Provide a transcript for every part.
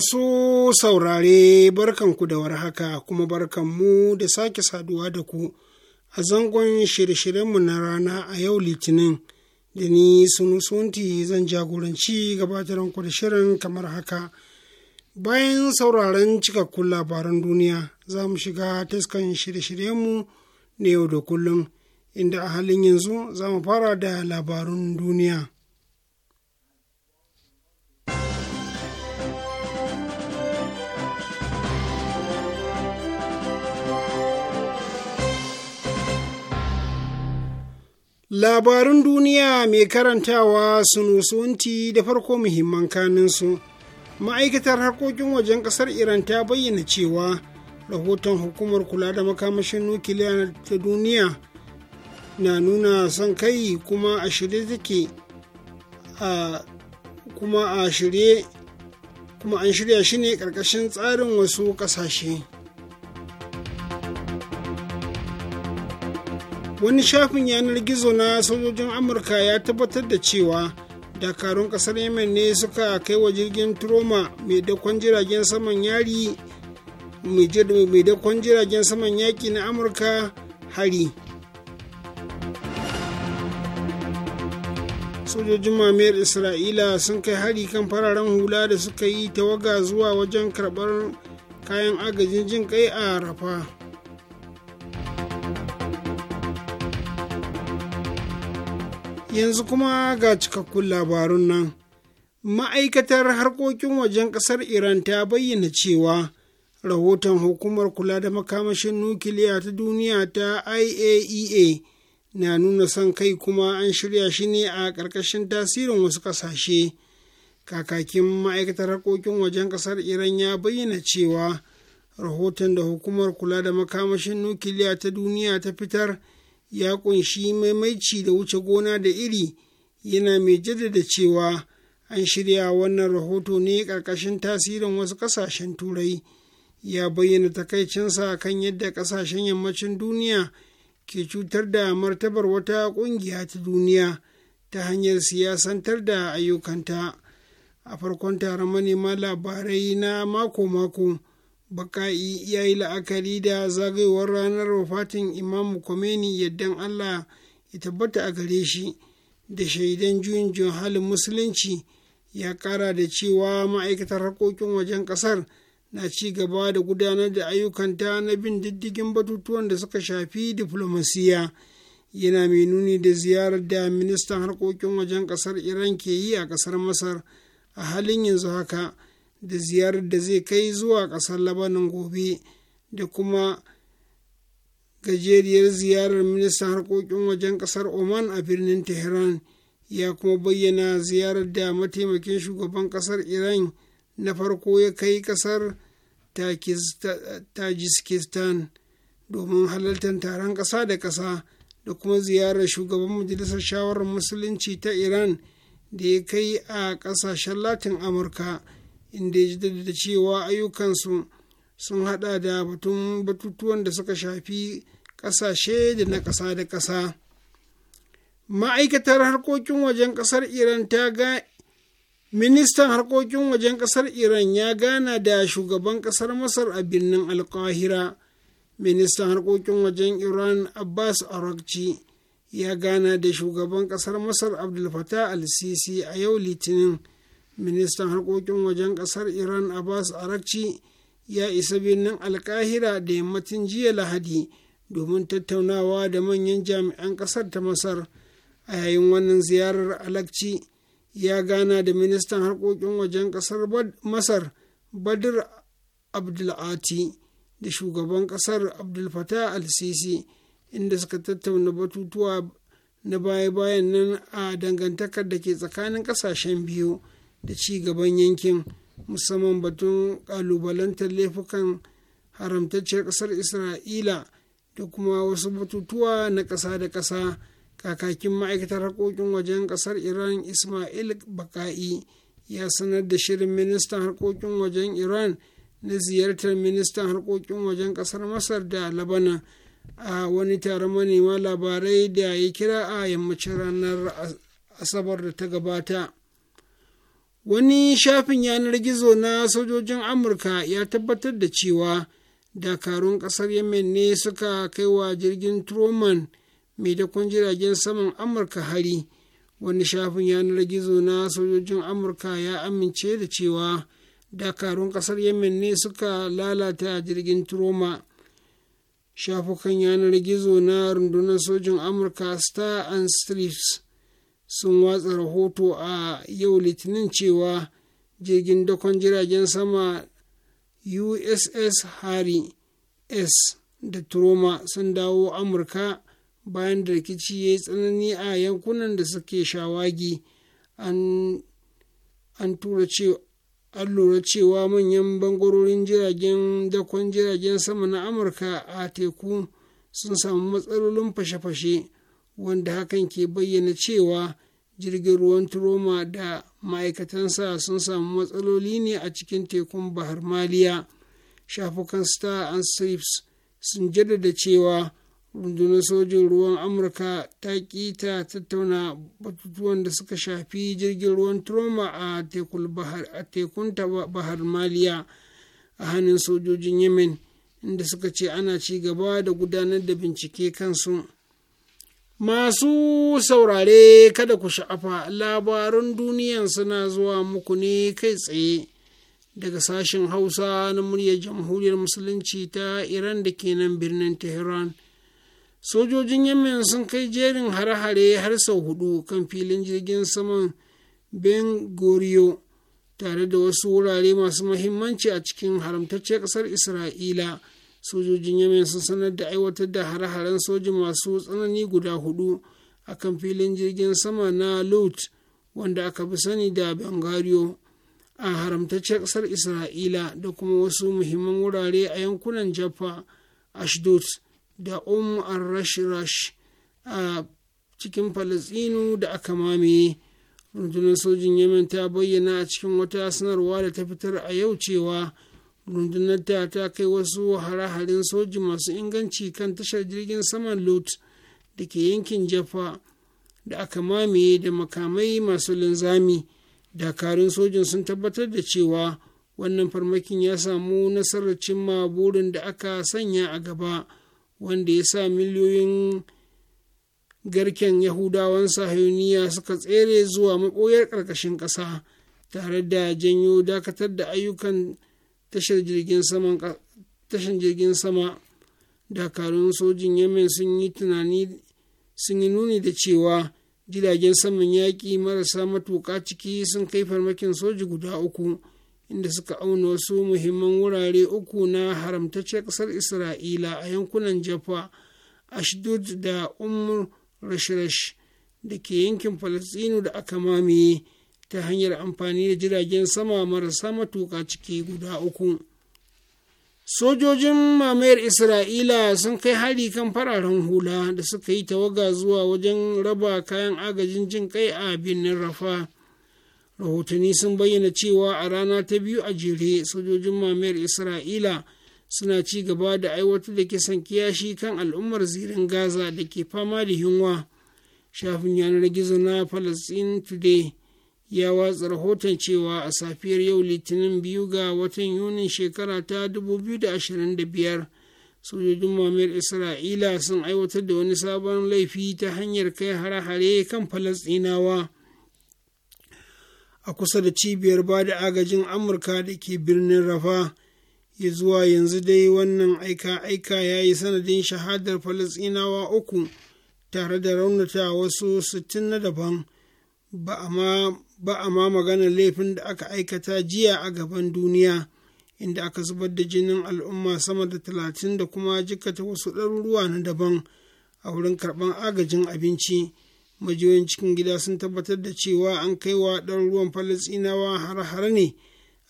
Masu saurare barkan ku da haka, kuma barkan mu da sake saduwa da ku a zangon shirye-shiryenmu na rana a yau Litinin da ni sunti zan jagoranci ku da shirin kamar haka. Bayan sauraron cikakkun labaran duniya za mu shiga taskan shirye-shiryenmu na yau da kullum inda a halin yanzu za mu fara da labarun duniya. Labarun duniya mai karantawa sunusunti da farko muhimman kaninsu. Ma'aikatar harkokin wajen ƙasar Iran ta bayyana cewa rahoton hukumar kula da makamashin nukiliya ta duniya na nuna son kai kuma a shirye take a kuma a shirye kuma an shirya shi ne ƙarƙashin tsarin wasu ƙasashe. wani shafin yanar gizo na sojojin amurka ya tabbatar da cewa dakarun kasar yemen ne suka kai wa jirgin troma mai dakon jiragen saman yari mai dakon jiragen saman yaki na amurka hari sojojin mamayar isra'ila sun kai hari kan fararen hula da suka yi tawaga zuwa wajen karbar kayan agajin jin kai a rafa yanzu kuma ga cikakkun labarun nan ma'aikatar harkokin wajen ƙasar iran ta bayyana cewa rahoton hukumar kula da makamashin nukiliya ta duniya ta iaea e na nuna son kai kuma an shirya shi ne a ƙarƙashin tasirin wasu ƙasashe kakakin ma'aikatar harkokin wajen ƙasar iran ya bayyana cewa rahoton da hukumar kula da makamashin nukiliya ta duniya ta fitar ya kunshi maimaici da wuce gona da iri yana mai jaddada cewa an shirya wannan rahoto ne ƙarƙashin tasirin wasu ƙasashen turai ya bayyana takaicinsa kan yadda ƙasashen yammacin duniya ke cutar da martabar wata ƙungiya ta duniya ta hanyar siyasantar da ayyukanta a farkon taron manema labarai na mako-mako baka'i ya yi la'akari da zagayowar ranar wafatin imamu komeni yaddan allah ya tabbata a gare shi da shaidan juyin juyin halin musulunci ya kara da cewa ma'aikatar harkokin wajen kasar na ci gaba da gudanar da ayyukanta na bin diddigin batutuwan da suka shafi diflomasiya yana mai nuni da ziyarar da ministan harkokin wajen kasar iran ke yi a kasar masar a halin yanzu haka. da ziyarar da zai kai zuwa ƙasar labanin gobe da kuma gajeriyar ziyarar ministan harkokin wajen ƙasar oman a birnin tehran ya kuma bayyana ziyarar da mataimakin shugaban ƙasar iran na farko ya kai ƙasar tajikistan domin halartar taron ƙasa da ƙasa da kuma ziyarar shugaban majalisar shawarar musulunci ta iran da ya kai a ƙasashen latin amurka. inda ya jaddada cewa ayyukansu sun hada da batun batutuwan da suka shafi ƙasashe da na ƙasa da ƙasa ma'aikatar harkokin wajen ƙasar iran ta ga ministan harkokin wajen ƙasar iran ya gana da shugaban ƙasar masar a birnin alkahira ministan harkokin wajen iran abbas arakci ya gana da shugaban ƙasar masar abdulfata al-sisi a yau litinin ministan harkokin wajen kasar iran abbas arakci ya isa birnin alkahira da yammacin jiya lahadi domin tattaunawa da manyan jami'an kasar ta masar a yayin wannan ziyarar alakci ya gana da ministan harkokin wajen kasar masar badr abdulati da shugaban ƙasar abdulfatah al-sisi inda suka tattauna batutuwa na baya-bayan nan a dangantakar da ke tsakanin kasashen biyu. da ci gaban yankin musamman batun kalubalantar laifukan haramtacciyar ƙasar isra'ila da kuma wasu batutuwa na ƙasa da ƙasa kakakin ma'aikatar harkokin wajen ƙasar iran ismail baka'i ya sanar da shirin ministan harkokin wajen iran na ziyartar ministan harkokin wajen ƙasar masar da labana a wani taron manema labarai da ya kira a yammacin ranar asabar da ta gabata wani shafin yanar gizo na sojojin amurka ya tabbatar da cewa dakarun kasar yemen ne suka kai wa jirgin truman mai dakon jiragen saman amurka hari wani shafin yanar gizo na sojojin amurka ya amince da cewa dakarun kasar yemen ne suka lalata jirgin troma shafukan yanar gizo na rundunar sojin amurka star and strips sun watsa rahoto a yau litinin cewa jirgin dakon jiragen sama uss harry s da troma sun dawo amurka bayan da rikici ya yi tsanani a yankunan da suke shawagi an lura cewa manyan bangarorin jiragen dakon jiragen sama na amurka a teku sun samu matsalolin fashe-fashe wanda hakan ke bayyana cewa jirgin ruwan turoma da ma'aikatansa sun samu matsaloli ne a cikin tekun bahar maliya shafukan star and strips sun jaddada cewa rundunar sojin ruwan amurka ta ƙi ta tattauna batutuwan da suka shafi jirgin ruwan turoma a tekun bahar maliya a hannun sojojin yemen inda suka ce ana ci gaba da gudanar da bincike kansu. Masu saurare kada ku sha'afa labarun duniyan suna zuwa muku ne kai tsaye daga sashen Hausa na muryar Jamhuriyar Musulunci ta Iran da ke nan birnin Tehran. Sojojin Yemen sun kai jerin hare-hare har sau hudu kan filin jirgin saman Ben Goriyo tare da wasu wurare masu muhimmanci a cikin haramtacciyar ƙasar Isra'ila. sojojin yemen sun sanar da aiwatar da hare-haren soji masu tsanani guda hudu a kan filin jirgin sama na lot wanda aka fi sani da bangario a haramtacciyar ƙasar isra'ila da kuma wasu muhimman wurare a yankunan jaffa ashdod da um rash a cikin falasinu da aka mamaye rundunar sojin yemen ta bayyana a cikin wata sanarwa da ta fitar a yau cewa rundunar ta ta kai wasu hare-haren soji masu inganci kan tashar jirgin saman lot da ke yankin jaffa da aka mamaye da makamai masu linzami dakarun sojin sun tabbatar da cewa wannan farmakin ya samu nasarar cimma burin da aka sanya a gaba wanda ya sa miliyoyin garken yahudawan sahiyoniya suka tsere zuwa maɓoyar ƙarƙashin ƙasa tare da janyo dakatar da ayyukan tashar jirgin sama tashar jirgin sama dakarun sojin yemen sun yi tunani sun yi nuni da cewa jiragen saman yaƙi marasa matuƙa ciki sun kai farmakin soji guda uku inda suka auna wasu muhimman wurare uku na haramtacce ƙasar isra'ila a yankunan jaffa ashdod da umar rashrash da ke yankin falastinu da aka mamaye ta hanyar amfani da jiragen sama marasa matuƙa ciki guda uku sojojin mamayar isra'ila sun kai hari kan fararen hula da suka yi tawaga zuwa wajen raba kayan agajin jin kai a birnin rafa rahotanni sun bayyana cewa a rana ta biyu a jere sojojin mamayar isra'ila suna ci gaba da aiwatar da kisan kiyashi kan al'ummar zirin gaza da ke fama da yunwa shafin yanar gizo na palestine today ya watsa rahoton cewa a safiyar yau litinin biyu ga watan yunin shekara ta 2025 sojojin mamayar isra'ila sun aiwatar da wani sabon laifi ta hanyar kai hare-hare kan falasɗinawa a kusa da cibiyar ba da agajin amurka da ke birnin rafa ya zuwa yanzu dai wannan aika-aika ya yi sanadin shahadar falasɗinawa uku tare da raunata wasu sittin na daban ba a ma ba a ma maganar laifin da aka aikata jiya a gaban duniya inda aka zubar da jinin al'umma sama da talatin da kuma jikata wasu ɗaruruwa na daban a wurin karɓar agajin abinci majiyoyin cikin gida sun tabbatar da cewa an kai wa ɗaruruwan falasinawa har-har ne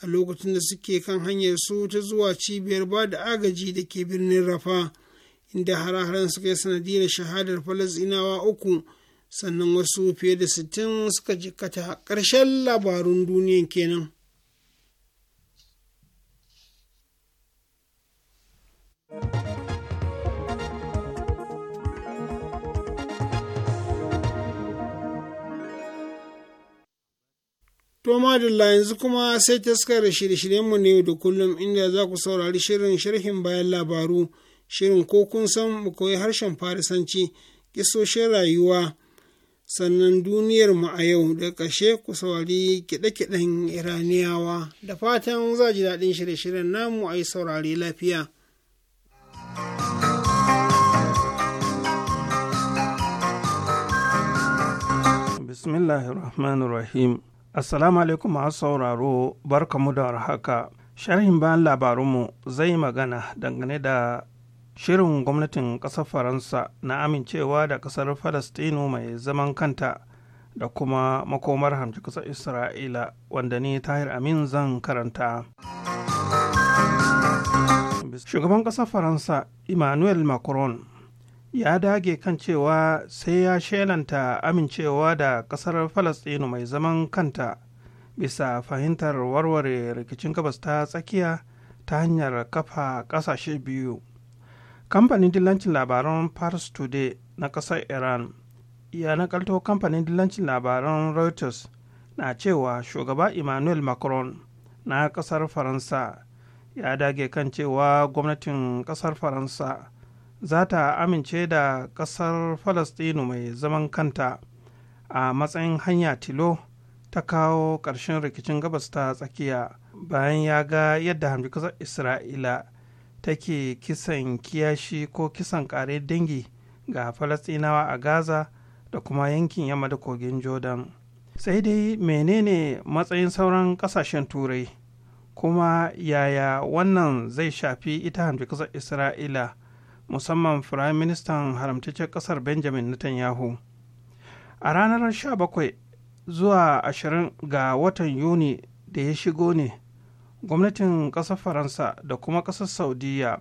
a lokacin da suke kan hanyar su ta zuwa cibiyar ba da agaji da ke birnin rafa inda har-haren suka yi sanadiyar shahadar falasinawa uku sannan wasu fiye da sittin suka jikata ƙarshen labarun duniyan kenan. To madalla yanzu kuma sai taskar shirye-shiryenmu ne da kullum inda za ku saurari shirin sharhin bayan labaru, shirin ko kun san mu koyi harshen Farisanci, kisoshin rayuwa, sannan duniyar mu a yau da ƙashe ku saurari kiɗe-kiɗen iraniyawa da fatan za ji daɗin shirye-shiryen namu a yi saurari lafiya. Bismillahirrahmanirrahim. Assalamu alaikum a sauraro barkamu da warhaka. Sharhin bayan labarunmu zai magana dangane da shirin gwamnatin ƙasar faransa na amincewa da ƙasar falastinu mai zaman kanta da kuma makomar hamci ƙasar isra'ila wanda ni tahir amin zan karanta shugaban ƙasar faransa emmanuel macron ya dage kan cewa sai ya shelanta amincewa da ƙasar falastinu mai zaman kanta bisa fahimtar warware rikicin gabas ta tsakiya ta hanyar kafa ƙasashe biyu kamfanin dillancin labaran paris today na ƙasar iran ya nakalto kamfanin dillancin labaran reuters na cewa shugaba emmanuel macron na ƙasar faransa ya dage kan cewa gwamnatin ƙasar faransa za ta amince da ƙasar falastinu mai zaman kanta a matsayin hanya tilo ta kawo ƙarshen rikicin gabas ta tsakiya bayan ya ga yadda hamdi ƙasar isra'ila take kisan kiyashi ko kisan kare dangi ga falastinawa a gaza da kuma yankin yamma da kogin jordan sai dai menene matsayin sauran kasashen turai kuma yaya wannan zai shafi ita hamji isra'ila musamman firayim ministan haramtaccen kasar benjamin netanyahu a ranar 17 zuwa 20 ga watan yuni da ya shigo ne gwamnatin ƙasar faransa da kuma ƙasar saudiya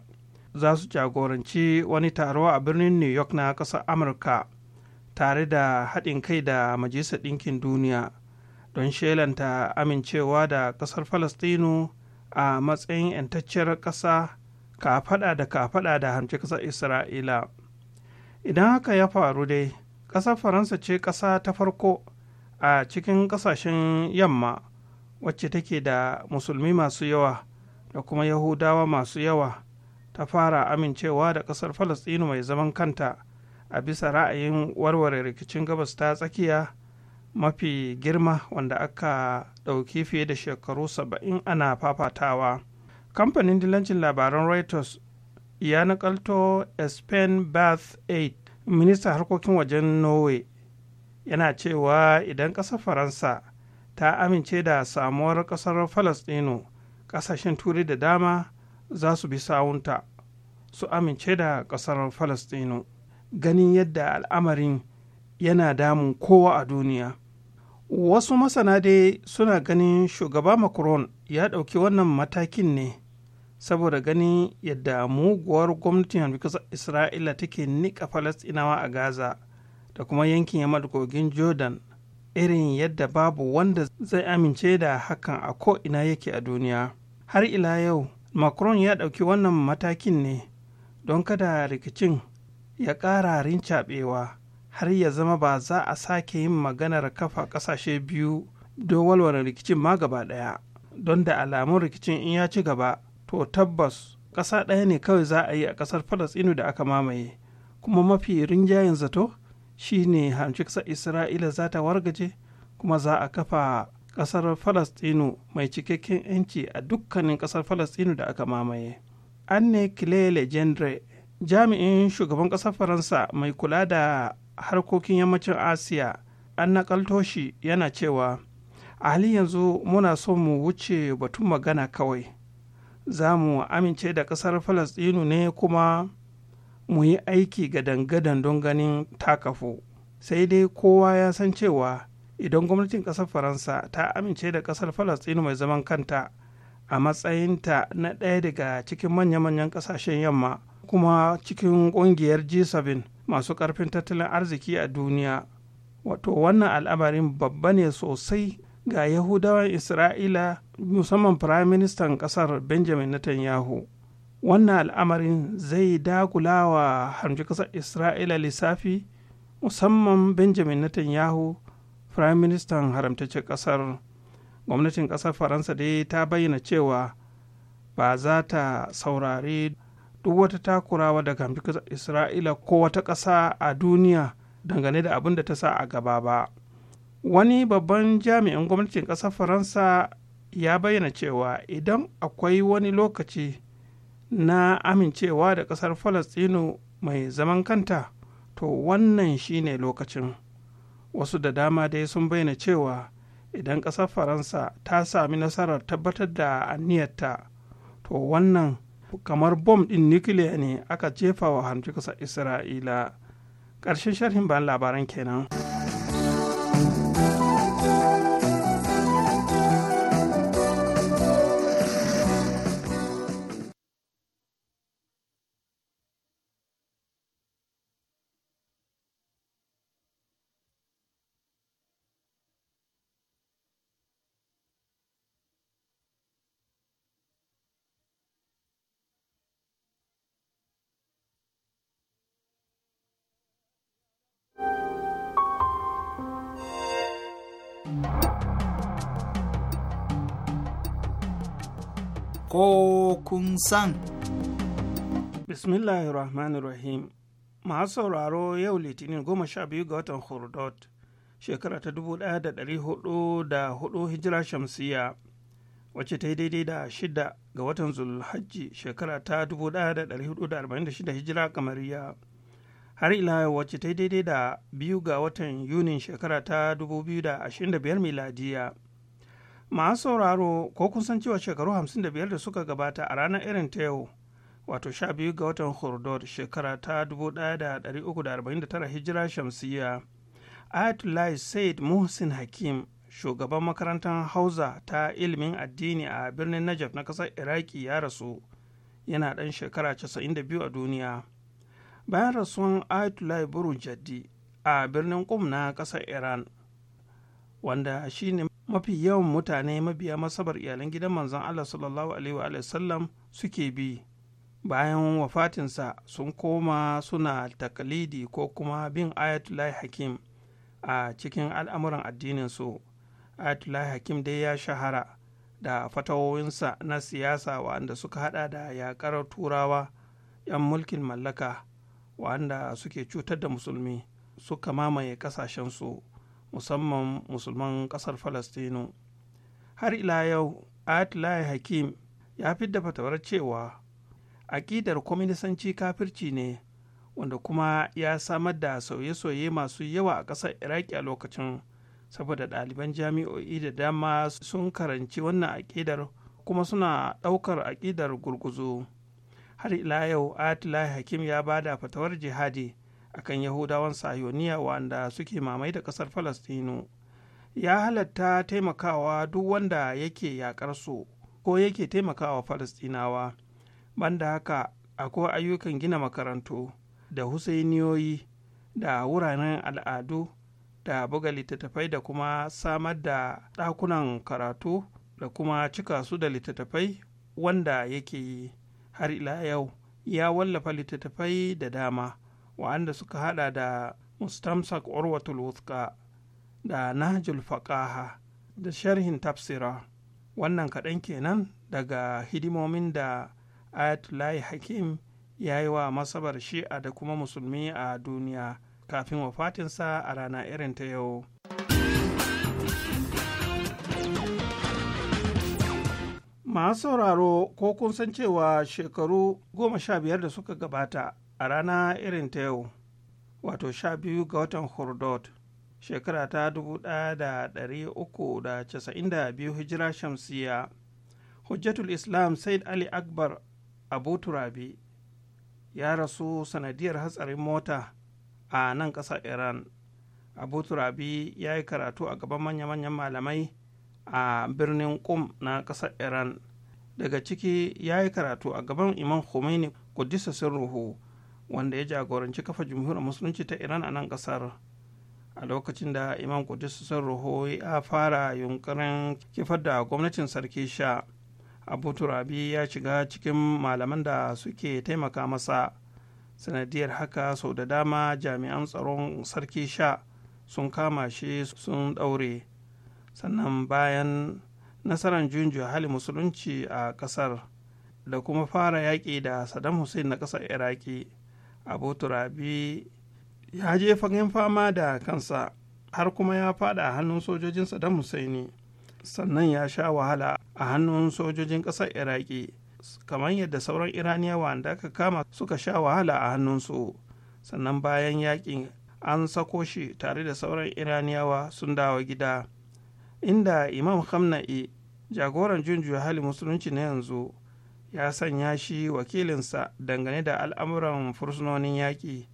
za su jagoranci wani taro a birnin new york na ƙasar amurka tare da haɗin kai da majalisar ɗinkin duniya don shelanta amincewa da ƙasar falastinu a matsayin 'yantacciyar ƙasa kafaɗa da kafaɗa da hamci ƙasar isra'ila idan haka ya faru dai ƙasar faransa ce ƙasa ta farko a cikin ƙasashen yamma wacce take da musulmi masu yawa da kuma yahudawa masu yawa ta fara amincewa da ƙasar falastinu mai zaman kanta a bisa ra'ayin warware rikicin gabas ta tsakiya mafi girma wanda aka ɗauki fiye da shekaru saba'in ana fafatawa kamfanin dilancin labaran reuters ya nakalto spain bath 8 ministan harkokin wajen norway yana cewa idan ƙasar faransa ta amince da samuwar ƙasar falastino ƙasashen turai da dama za su bi sawunta su amince da ƙasar falastino ganin yadda al'amarin yana damun kowa a duniya wasu masana dai suna ganin shugaba macron ya ɗauki wannan matakin ne saboda ganin yadda muguwar gwamnatin yankin isra'ila take niƙa falastinawa a gaza da kuma yankin yamma kogin jordan irin yadda babu wanda zai amince da hakan a ina yake a duniya har ila yau macron ya ɗauki wannan matakin ne don kada rikicin ya ƙara rincaɓewa har ya zama ba za a sake yin maganar kafa ƙasashe biyu don walwala rikicin ma gaba ɗaya don da alamun rikicin in ya ci gaba to tabbas ƙasa ɗaya ne kawai za a yi a ƙasar falasɗinu da aka mamaye kuma mafi rinjayen zato Shi ne shine hamshiksa isra'ila za ta wargaje kuma za a kafa ƙasar falastinu mai cikakken 'yanci a dukkanin ƙasar falastinu da aka mamaye anne kilele gendre jami'in shugaban ƙasar faransa mai kula da harkokin yammacin asiya an nakalto shi yana cewa a halin yanzu muna so mu wuce batun magana kawai za mu amince da ƙasar falastinu ne kuma mu yi aiki ga dangadan don ganin takafu sai dai kowa ya san cewa idan gwamnatin ƙasar faransa ta amince da ƙasar falastinu mai zaman kanta a matsayinta na ɗaya daga cikin manya-manyan ƙasashen yamma kuma cikin ƙungiyar g7 masu ƙarfin tattalin arziki a duniya wato wannan al'amarin babba ne sosai ga yahudawan isra'ila musamman Firayim Ministan ƙasar benjamin netanyahu wannan al'amarin zai dakula wa harmci ƙasar isra'ila lissafi musamman benjamin netanyahu firayim ministan haramtaccen ƙasar gwamnatin ƙasar faransa dai ta bayyana cewa ba za ta saurari duk wata takurawa daga harmci ƙasar isra'ila ko wata ƙasa a duniya dangane da abin da ta sa a gaba ba wani babban jami'in gwamnatin ƙasar faransa ya bayyana cewa idan akwai wani lokaci na amincewa da ƙasar falastinu mai zaman kanta to wannan shine lokacin wasu da dama dai sun bayyana cewa idan ƙasar faransa ta sami nasarar tabbatar da aniyarta to wannan kamar bom ɗin nukiliya ne aka jefa wa hamci ƙasar isra'ila ƙarshen sharhin bayan labaran kenan. ko kun san. Bismillahirrahmanirrahim. Masu sauraro yau Litinin goma sha biyu ga watan Hurdot, shekara ta dubu ɗaya da ɗari hudu da hudu hijira shamsiya, wacce ta yi daidai da shida ga watan Zulhajji shekara ta dubu ɗaya da ɗari hudu da arba'in da shida hijira kamariya. Har ila wacce ta yi daidai da biyu ga watan Yunin shekara ta dubu biyu da ashirin da biyar miladiya. masu sauraro ko kun san cewa shekaru 55 da suka gabata a ranar irin ta yau wato 12 ga watan hurdod shekara ta 1349 hijira shamsiya ayatollah said muhsin hakim shugaban makarantar hausa ta ilimin addini a birnin najaf na ƙasar iraki ya rasu yana ɗan shekara 92 a duniya bayan rasuwan ayatollah buru jaddi a birnin kum na ƙasar iran wanda shine mafi yawan mutane mabiya masabar iyalan gidan manzon Allah sallallahu alaihi wa sallam suke bi bayan wafatinsa sun koma suna takalidi ko kuma bin ayatullahi hakim a cikin al'amuran addininsu ayatullahi hakim dai ya shahara da fatawoyinsa na siyasa wa'anda suka hada da yaƙar turawa 'yan mulkin mallaka wa'anda suke cutar da musulmi suka mamaye kasashensu musamman musulman ƙasar falastinu har ila yau ayatollah hakim ya fidda fatawar cewa aƙidar kwaminisanci kafirci ne wanda kuma ya samar da sauye-sauye masu yawa a ƙasar iraki a lokacin saboda ɗaliban jami'o'i da dama sun karanci wannan aƙidar kuma suna ɗaukar aƙidar gurguzu har ila yau atlahi hakim ya bada fatawar jihadi akan yahudawan sayoniya wanda suke mamai da ƙasar falastinu ya halatta taimakawa duk wanda yake yakar su ko yake taimakawa falastinawa banda haka akwai ayyukan gina makarantu da husainiyoyi da wuraren al'adu da buga littattafai da kuma samar da ɗakunan karatu da kuma cika su da littattafai wanda yake yi har ila yau ya wallafa littattafai da dama wa'anda suka hada da mustamsak orwatul wuthqa da nahjul faqaha da sharhin tafsira wannan kaɗan kenan daga hidimomin da ayatullahi hakim ya yi wa masabar shi'a da kuma musulmi a duniya kafin wafatinsa a rana irin ta yau masu sauraro ko kun san cewa shekaru goma sha biyar da suka gabata a rana irin ta yau wato sha biyu ga watan hurdot shekara ta dubu da da da uku casa'in biyu hijira shamsiya hujjatul islam said ali akbar abu turabi ya rasu sanadiyar hatsarin mota a nan ƙasar iran abu turabi ya yi karatu a gaban manya-manyan malamai a birnin kum na ƙasar iran daga ciki ya yi karatu a gaban imam khomeini kudisa sirruhu wanda ya jagoranci kafa jumhuriyar musulunci ta iran a nan kasar a lokacin da imam kudus sun roho ya fara yunkurin kifar da gwamnatin sarki sha abu turabi ya shiga cikin malaman da suke taimaka masa sanadiyar haka sau da dama jami'an tsaron sarki sha sun kama shi sun ɗaure sannan bayan nasarar junju hali musulunci a ƙasar da kuma fara yaƙi da saddam hussein na ƙasar iraki abu turabi ya je fagen fama da kansa har kuma ya fada a hannun sojojinsa da Musaini, sannan ya sha wahala a hannun sojojin ƙasar iraki kamar yadda sauran iraniyawa da aka kama suka sha wahala a hannunsu sannan bayan yakin an sako shi tare da sauran iraniyawa sun dawo gida inda imam hamna'i jagoran junjuya hali musulunci na yanzu ya sanya shi wakilinsa dangane da al'amuran fursunonin yaƙi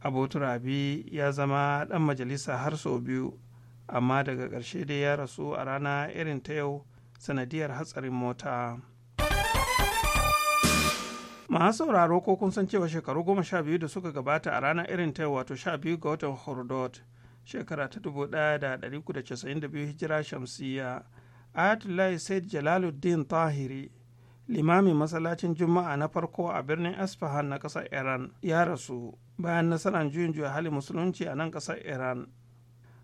abu turabi ya zama ɗan majalisa har sau biyu amma daga ƙarshe dai ya rasu a rana irin ta yau sanadiyar hatsarin mota masu sauraro ko kun san cewa shekaru goma sha biyu da suka gabata a ranar irin ta wato sha biyu ga watan hordot shekara ta dubu ɗaya da ɗari da casa'in da biyu hijira shamsiya ayatullahi said jalaluddin tahiri limamin masallacin juma'a na farko a birnin Asfahan na ƙasar iran ya rasu bayan nasarar juyin juya hali musulunci a nan ƙasar iran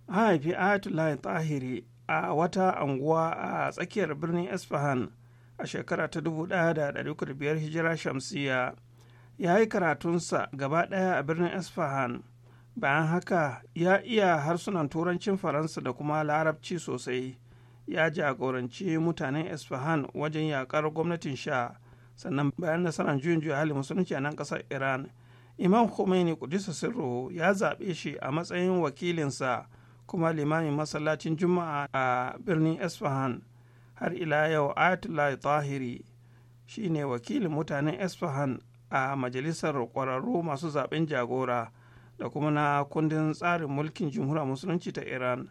an haifi ayatollah tahiri a wata anguwa a tsakiyar birnin Asfahan a shekara ta 1500 hijira shamsiya ya yi karatunsa gaba ɗaya a birnin Asfahan, bayan haka ya iya harsunan turancin faransa da kuma larabci sosai ya jagoranci mutanen isfahan wajen yakar gwamnatin sha sannan bayan nasarar juyin juya hali musulunci a nan kasar iran imam khomeini kudisa sirru ya zaɓe shi a matsayin wakilinsa kuma limamin masallacin juma'a a birnin isfahan har ila yau ayatollah tahiri shine wakilin mutanen isfahan a majalisar ƙwararru masu zaɓen jagora da kuma na kundin tsarin mulkin jamhuriyar musulunci ta iran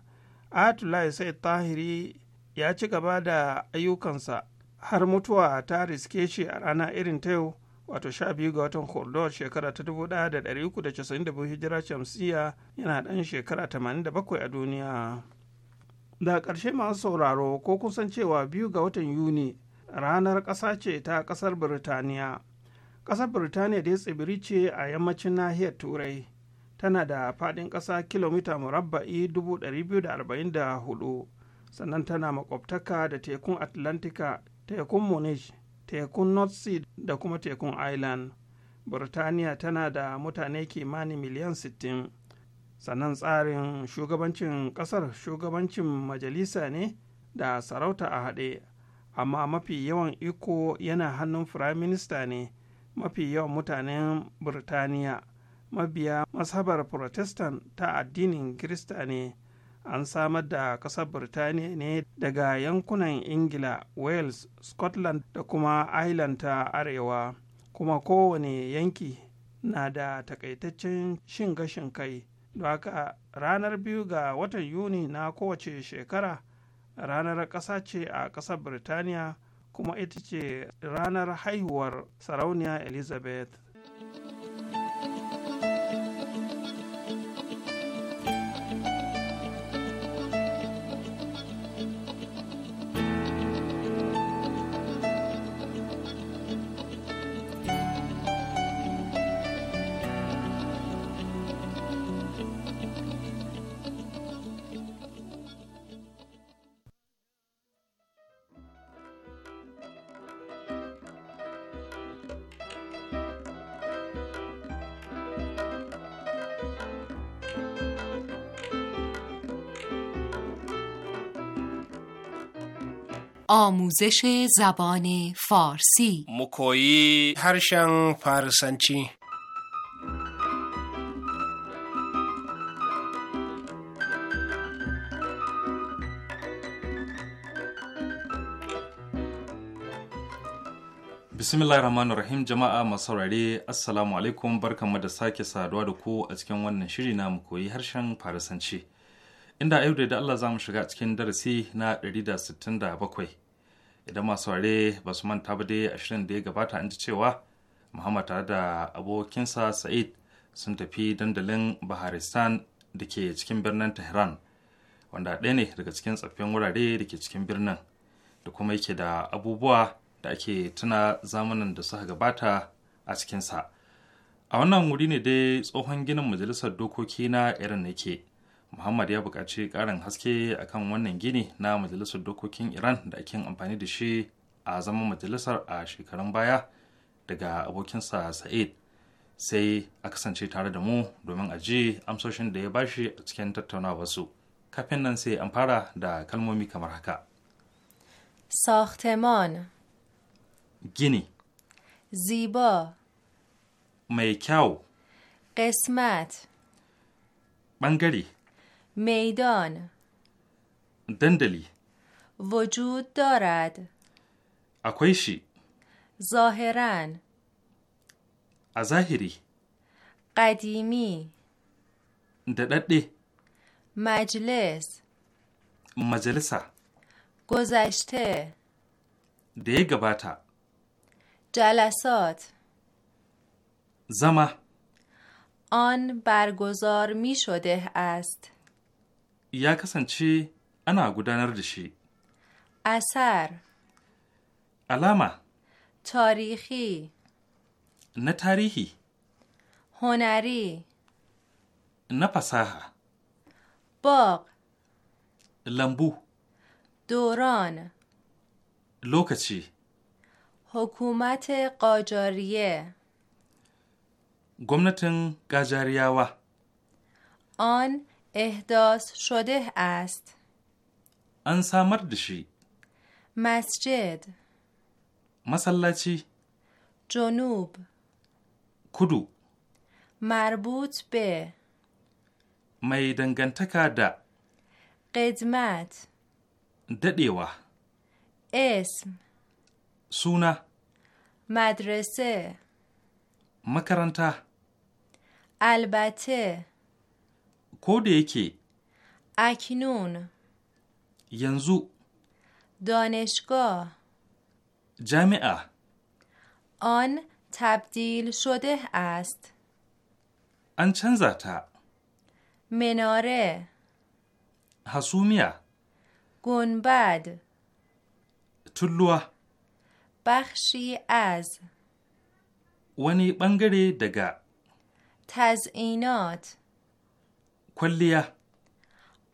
ayatollah sai tahiri ya ci gaba da ayyukansa har mutuwa ta riske shi a rana irin ta yau wato sha biyu ga watan hordor shekara ta dubu ɗaya da dari uku da casa'in da biyu hijira shamsiya yana ɗan shekara tamanin da bakwai a duniya da ƙarshe masu sauraro ko kusan cewa biyu ga watan yuni ranar ƙasa ce ta ƙasar birtaniya ƙasar birtaniya dai tsibiri ce a yammacin nahiyar turai tana da faɗin ƙasa kilomita murabba'i dubu biyu da da arba'in hudu. sannan tana makwabtaka da tekun atlantika tekun munich tekun north sea da kuma tekun ireland burtaniya tana da mutane kimanin miliyan 60 sannan tsarin shugabancin kasar shugabancin majalisa ne da sarauta a haɗe amma mafi yawan iko yana hannun firayim minista ne mafi yawan mutanen burtaniya mabiya masabar protestant ta addinin kirista ne an samar da ƙasar birtaniya ne daga yankunan ingila wales scotland da kuma ireland ta arewa kuma kowane yanki na da takaitaccen shin gashin kai da haka ranar biyu ga watan yuni na kowace shekara ranar ƙasa ce a ƙasar birtaniya kuma ita ce ranar haihuwar sarauniya elizabeth آموزش زبان فارسی مکویی هرشن فارسنچی bismillah rahman rahim jama'a masu saurare assalamu alaikum barkanmu da sake saduwa da ku a cikin wannan shiri na mu koyi harshen farisanci inda a yau da Allah za mu shiga cikin darasi na 167 idan masu ware ba su manta ba dai ashirin da ya gabata an ji cewa muhammad tare da abokinsa sa'id sun tafi dandalin baharistan da ke cikin birnin tehran wanda ɗaya ne daga cikin tsaffin wurare da ke cikin birnin da kuma yake da abubuwa da ake tuna zamanin da suka gabata a cikinsa a wannan wuri ne dai tsohon ginin majalisar dokoki na irin yake muhammad ya buƙaci ƙarin haske akan wannan gini na majalisar dokokin iran da ake amfani da shi a zaman majalisar a shekarun baya daga abokinsa sa'id sai a kasance tare da mu domin a ji amsoshin da ya bashi a cikin tattaunawar su kafin nan sai an fara da kalmomi kamar haka Gini. گینی زیبا kyau. قسمت بنگری میدان دندلی وجود دارد اکویشی ظاهرا ظاهری قدیمی ددده مجلس مجلسا گذشته ده گباتا جلسات زما آن برگزار می شده است ya kasance ana gudanar da shi. Asar Alama Tarihi Na tarihi Honari Na fasaha Bok. Lambu Doron Lokaci Hukumate Gajariye Gwamnatin Gajariyawa On. احداث شده است انسامردشی. مسجد مسلچی جنوب کدو مربوط به میدنگن تکادا قدمت ددیوه اسم سونا مدرسه مکرانتا البته کو یکی اکنون ینزو دانشگاه جامعه آن تبدیل شده است ان چنزتا مناره حسومیا گنبد تلوه بخشی از ونی بنگری دگه تزئینات کلیه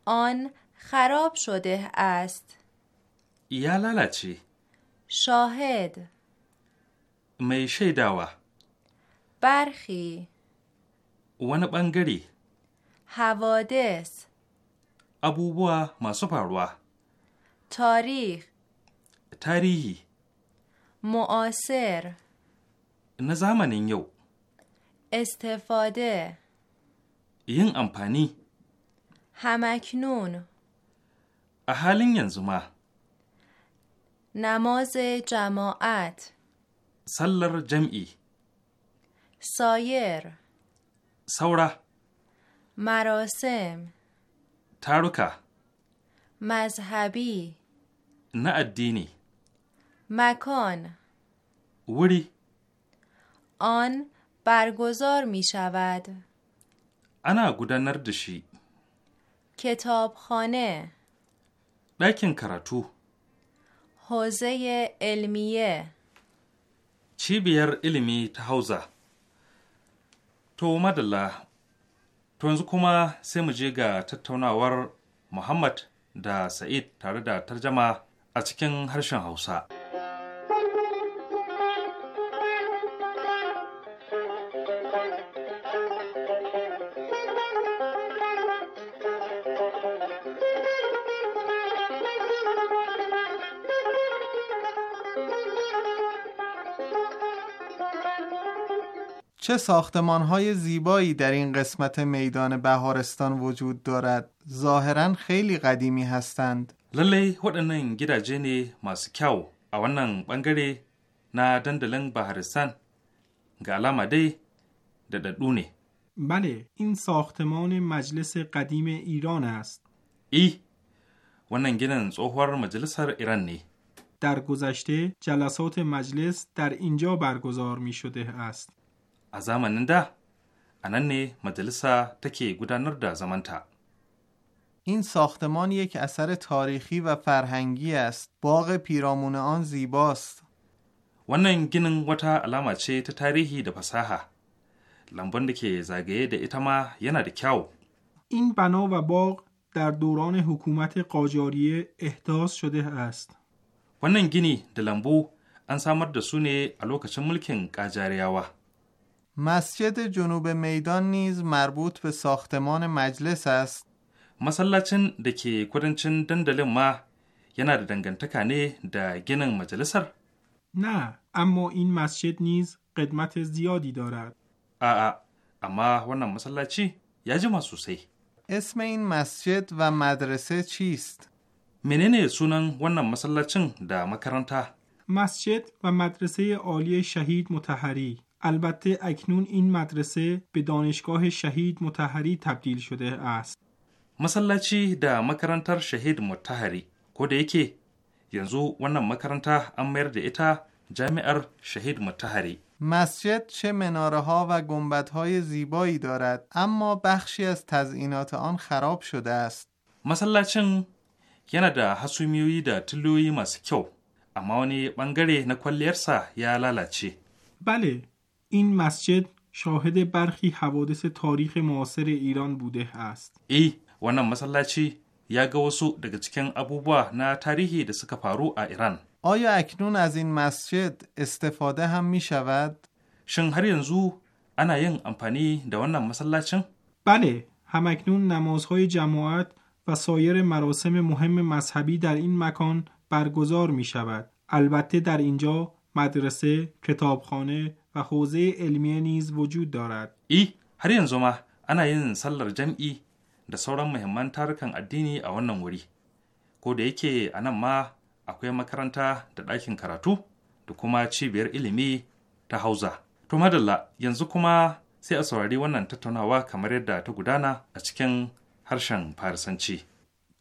آن خراب شده است یا چی؟ شاهد میشه دوا برخی ون بنگری حوادث ابوبوا ماسو پاروا تاریخ تاریخی معاصر نزامن یو استفاده این امفانی همکنون احالی نزمه نماز جماعت سلر جمعی سایر سوره مراسم تارکه مذهبی نه مکان وری آن برگزار می ana gudanar da shi hone ɗakin karatu hozeye Elmiye cibiyar ilimi ta hauza to madalla to yanzu kuma sai mu je ga tattaunawar muhammad da sa'id tare da tarjama a cikin harshen hausa چه ساختمانهای زیبایی در این قسمت میدان بهارستان وجود دارد ظاهرا خیلی قدیمی هستند للی waɗannan gidaje ne masu kyau a wannan ɓangare na dandalin بهارستان ga alama dai da daɗu ne. ساختمان مجلس قدیم ایران است. ای، wannan gidan tsohuwar majalisar ایران ne. در گذشته جلسات مجلس در اینجا برگزار می شده است. a zamanin da a nan ne majalisa take gudanar da zamanta این ساختمان یک اثر تاریخی و فرهنگی است. باغ پیرامون آن زیباست. wannan ginin wata alama ce ta tarihi da fasaha lambun da ke zagaye da ita ma yana da این بنا و باغ در دوران حکومت قاجاریه احداث شده است wannan gini da lambu an samar da su ne a lokacin mulkin مسجد جنوب میدان نیز مربوط به ساختمان مجلس است. مسلا چن دکی کورن چن دندل ما ینا نار دنگن تکانی دا گنن مجلس نه اما این مسجد نیز قدمت زیادی دارد. آ اما ونم مسلا چی؟ یا جو ما سوسی؟ اسم این مسجد و مدرسه چیست؟ منینه سونن ونم مسلا چن دا مکرانتا؟ مسجد و مدرسه عالی شهید متحری. البته اکنون این مدرسه به دانشگاه شهید متحری تبدیل شده است. مسلچی دا مکرانتر شهید متحری کده یکی ینزو ونن مکرانتا امر میر ایتا جامعر شهید متحری مسجد چه مناره ها و گمبت های زیبایی دارد اما بخشی از تزئینات آن خراب شده است مسلچین چن یعنی دا حسومیوی دا تلوی kyau اما wani بنگره na یا لالا چی؟ بله، این مسجد شاهد برخی حوادث تاریخ معاصر ایران بوده است. ای wannan masallaci ya ga wasu daga cikin abubuwa na tarihi da suka faru a آیا اکنون از این مسجد استفاده هم می شود؟ شن هر ینزو انا ین امپانی دا wannan masallacin؟ بله، هم اکنون نمازهای جماعت و سایر مراسم مهم مذهبی در این مکان برگزار می شود. البته در اینجا مدرسه، کتابخانه و حوزه علمیه نیز وجود دارد ای هر ینزو ما انا yin sallar jam'i da sauran muhimman tarukan addini a wannan wuri ko da yake a nan ma akwai makaranta da ɗakin karatu da kuma cibiyar ilimi ta hauza to madalla yanzu kuma sai a saurari wannan tattaunawa kamar yadda ta gudana a cikin harshen farisanci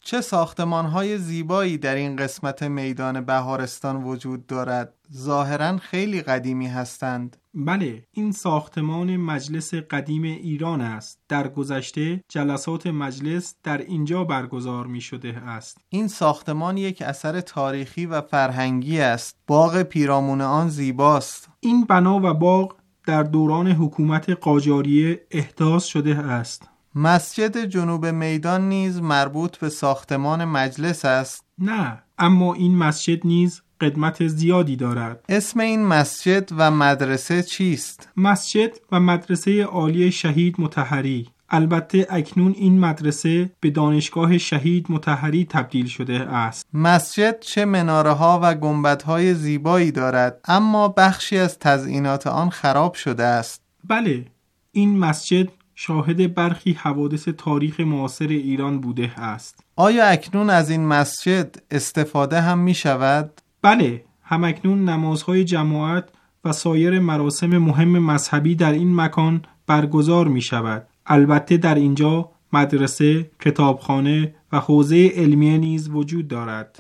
چه ساختمان های زیبایی در این قسمت میدان بهارستان وجود دارد ظاهرا خیلی قدیمی هستند بله این ساختمان مجلس قدیم ایران است در گذشته جلسات مجلس در اینجا برگزار می شده است این ساختمان یک اثر تاریخی و فرهنگی است باغ پیرامون آن زیباست این بنا و باغ در دوران حکومت قاجاریه احداث شده است مسجد جنوب میدان نیز مربوط به ساختمان مجلس است نه اما این مسجد نیز قدمت زیادی دارد اسم این مسجد و مدرسه چیست؟ مسجد و مدرسه عالی شهید متحری البته اکنون این مدرسه به دانشگاه شهید متحری تبدیل شده است مسجد چه مناره ها و گمبت های زیبایی دارد اما بخشی از تزئینات آن خراب شده است بله این مسجد شاهد برخی حوادث تاریخ معاصر ایران بوده است آیا اکنون از این مسجد استفاده هم می شود؟ بله همکنون نمازهای جماعت و سایر مراسم مهم مذهبی در این مکان برگزار می شود البته در اینجا مدرسه، کتابخانه و حوزه علمیه نیز وجود دارد.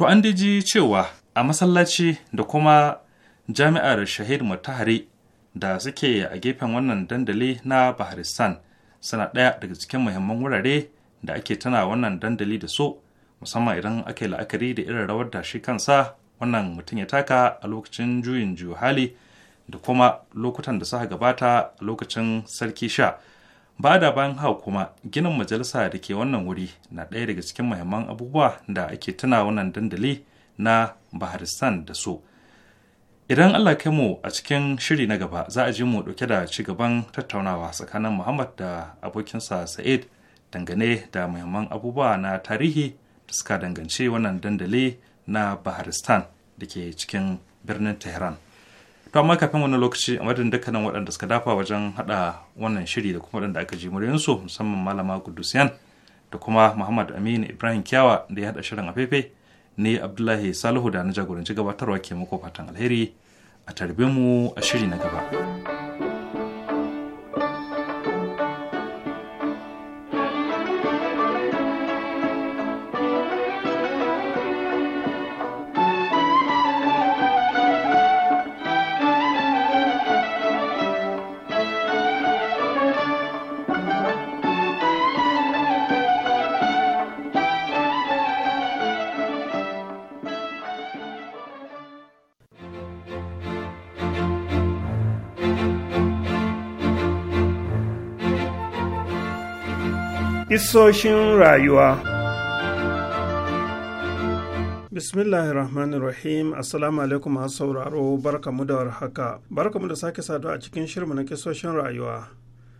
To an ji cewa a masallaci da kuma jami'ar Shahid Mutahari da suke a gefen wannan dandali na Baharistan suna ɗaya daga cikin muhimman wurare da ake tana wannan dandali da so musamman idan aka yi la'akari da irin rawar da shi kansa wannan mutum ya taka a lokacin juyin juyo hali da kuma lokutan da suka gabata a lokacin sarki sha ba da bayan hau kuma ginin majalisa da ke wannan wuri na ɗaya daga cikin mahimman abubuwa da ake tuna wannan dandali na baharistan da su idan allah kai mu a cikin shiri na gaba za a ji mu ɗauke da ci gaban tattaunawa tsakanin muhammad da abokinsa sa'id dangane da mahimman abubuwa na tarihi da suka danganci wannan dandali na baharistan da ke cikin birnin tehran to amma kafin wani lokaci a madadin dukkanin waɗanda suka dafa wajen haɗa wannan shiri da kuma waɗanda aka ji muryansu musamman malama kudusiyan da kuma muhammad aminu ibrahim kyawa da ya haɗa shirin a fefe ne abdullahi salihu da na jagoranci gabatarwa ke muku fatan alheri a tarbe mu a shiri na gaba. Isoshin rayuwa Bismillahir Rahmanir Rahim Assalamu alaikum masu sauraro barkamu da warhaka barkamu da sake saduwa a cikin shirmu na kisoshin rayuwa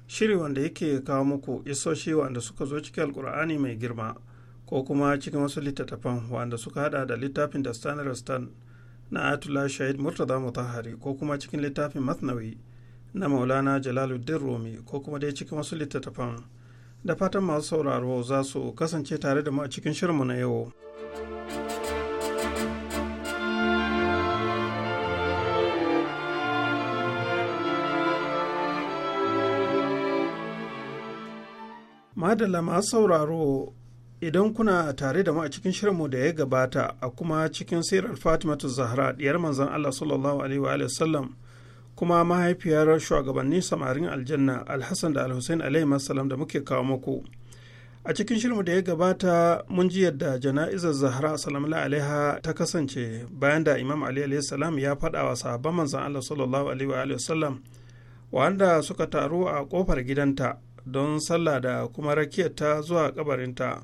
shiri wanda yake kawo muku isoshi wanda suka zo cikin alkur'ani mai girma ko kuma cikin wasu littattafan wanda suka hada da littafin da standard stand na atula shahid Murtada mutahari ko kuma cikin littafin masnawi na maulana jalaluddin rumi ko kuma dai cikin wasu littattafan da fatan masu sauraro za su kasance tare da mu a cikin shirinmu na yau. Madalla masu sauraro idan kuna tare da mu a cikin shirinmu da ya gabata a kuma cikin sirar Fatimatu Zahra diyar manzan Allah sallallahu alaihi wa sallam kuma mahaifiyar shugabannin samarin aljanna alhassan da alhussein alaihi salam da muke kawo muku a cikin shirmu da ya gabata mun ji yadda jana'izar zahra salamu alaiha ta kasance bayan da imam ali alaihi salam ya faɗa wa sahabban manzan allah sallallahu alaihi wa sallam wanda suka taru a kofar gidanta don sallah da kuma rakiyarta zuwa kabarinta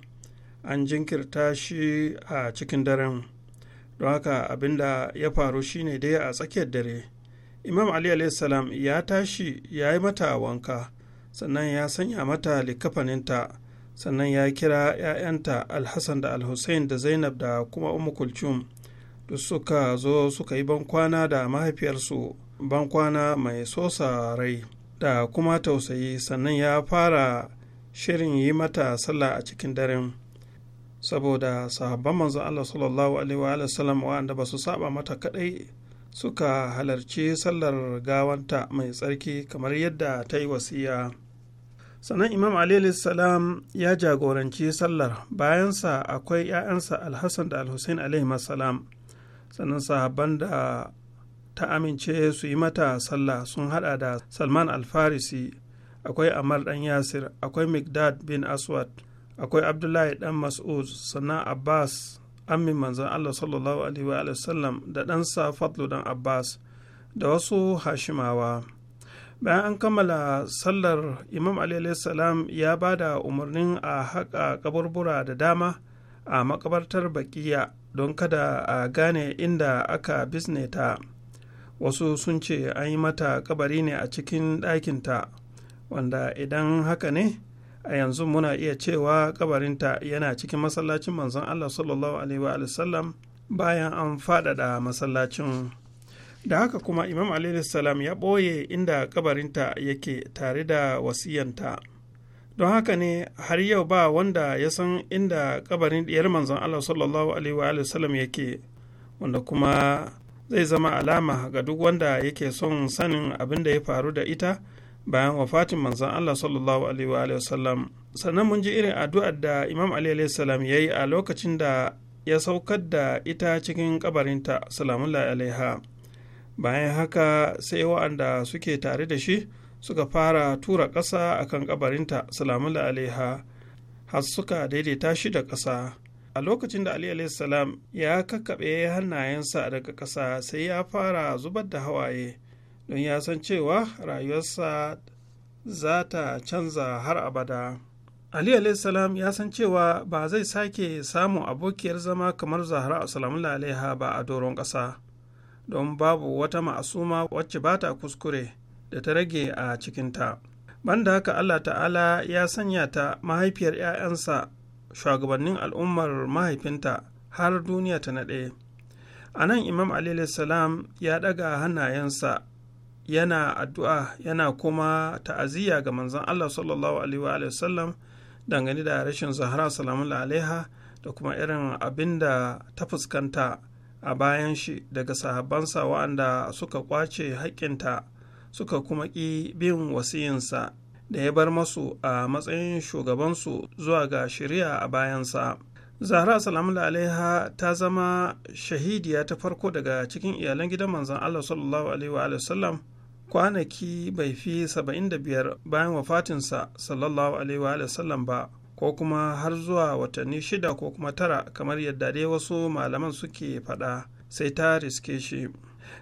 an jinkirta shi a cikin daren don haka abinda ya faru shine dai a tsakiyar dare imam ali salam ya tashi ya yi mata wanka sannan ya sanya mata likafaninta sannan ya kira 'ya'yanta alhassan da alhussein da zainab da kuma umu kulcum duk suka zo suka yi bankwana da mahaifiyarsu bankwana mai sosa rai da kuma tausayi sannan ya fara shirin yi mata sallah a cikin daren saboda sahabban manzon Allah sallallahu alaihi wa sallam wa'anda ba su saba mata kadai suka halarci sallar gawanta mai tsarki kamar yadda ta yi wasiya sannan imam ali salam ya jagoranci sallar bayansa akwai 'ya'yansa alhassan da alhussein alaihi salam sannan sahabban da ta amince su yi mata sallah sun hada da salman alfarisi akwai amar dan yasir akwai migdad bin aswad akwai abdullahi dan mas'ud sannan abbas ammin manzan Allah sallallahu alaihi wa sallam da ɗansa Fadlu dan Abbas da wasu Hashimawa. Bayan an kammala sallar Imam Ali salam ya ba da umarnin a haƙa kaburbura da dama a makabartar baƙiya don kada a gane inda aka bisne ta. Wasu sun ce an yi mata ƙabari ne a cikin ɗakinta, wanda idan haka ne a yanzu muna iya cewa kabarinta yana cikin masallacin manzon Allah sallallahu alaihi wa sallam bayan an faɗaɗa masallacin da haka kuma imam alaihi salam ya ɓoye inda kabarinta yake tare da wasiyanta don haka ne har yau ba wanda ya san inda kabarin ɗiyar manzon Allah sallallahu alaihi wa sallam yake wanda kuma zai zama alama ga duk wanda yake son sanin abin da ya faru da ita bayan wafatin manzan Allah sallallahu alaihi wa wasallam sannan mun ji irin addu'ar da Imam Ali alaihi salam yayi a lokacin da ya saukar da ita cikin kabarinta salamun alaiha bayan haka sai wa'anda suke tare da shi suka fara tura ƙasa akan kabarinta salamun alaiha har suka daidaita shi da ƙasa a lokacin da ali salam ya kakkaɓe hannayensa daga ƙasa sai ya fara zubar da hawaye don ya san cewa rayuwarsa za ta canza har abada ali salam ya san cewa ba zai sake samun abokiyar zama kamar zahra salamu alaiha ba a doron ƙasa don babu wata ma'asuma wacce ba ta kuskure da ta rage a cikinta banda haka allah ta'ala ya sanya ta mahaifiyar 'ya'yansa shugabannin al'ummar mahaifinta har duniya ta naɗe a nan imam salam ya ɗaga hannayensa yana addu'a yana kuma ta'aziyya ga manzon Allah sallallahu alaihi wa sallam dangane da rashin zahara salamun alaiha da kuma irin abin da ta fuskanta a bayan shi daga sahabbansa wa'anda suka kwace haƙƙinta suka kuma ƙi bin wasiyinsa da ya bar masu a matsayin shugabansu zuwa ga shari'a a bayansa. zahra salamu alaiha ta zama shahidiya ta farko daga cikin iyalan gidan manzon allah sallallahu alaihi wa sallam kwanaki bai fi 75 bayan wafatinsa sallallahu alaihi wa sallam ba ko kuma har zuwa watanni shida ko kuma tara kamar yadda dai wasu malaman suke faɗa sai ta riske shi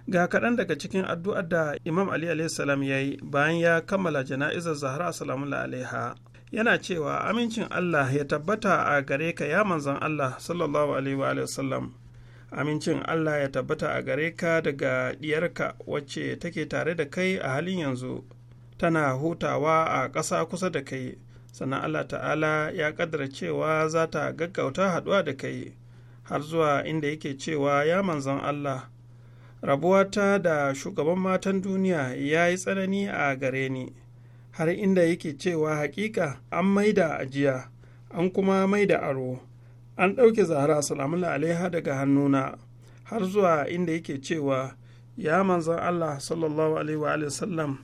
ga kaɗan daga cikin addu'ar da imam ali salam ya yi bayan ya kammala jana'izar zahra salamun alaiha yana cewa amincin allah ya tabbata a gare ka ya manzan allah sallallahu alaihi wa sallam amincin Allah ya tabbata a gare ka daga diyarka wacce take tare da kai a halin yanzu tana hutawa a ƙasa kusa da kai sannan Allah ta'ala ya kaddara cewa za ta gaggauta haɗuwa da kai har zuwa inda yake cewa ya manzon Allah rabuwata da shugaban matan duniya ya yi tsanani a gare ni har inda yake cewa hakika an maida ajiya an kuma maida aro an ɗauke zahara salamullah alaiha daga hannuna har zuwa inda yake cewa ya manzan allah sallallahu alaihi wa sallam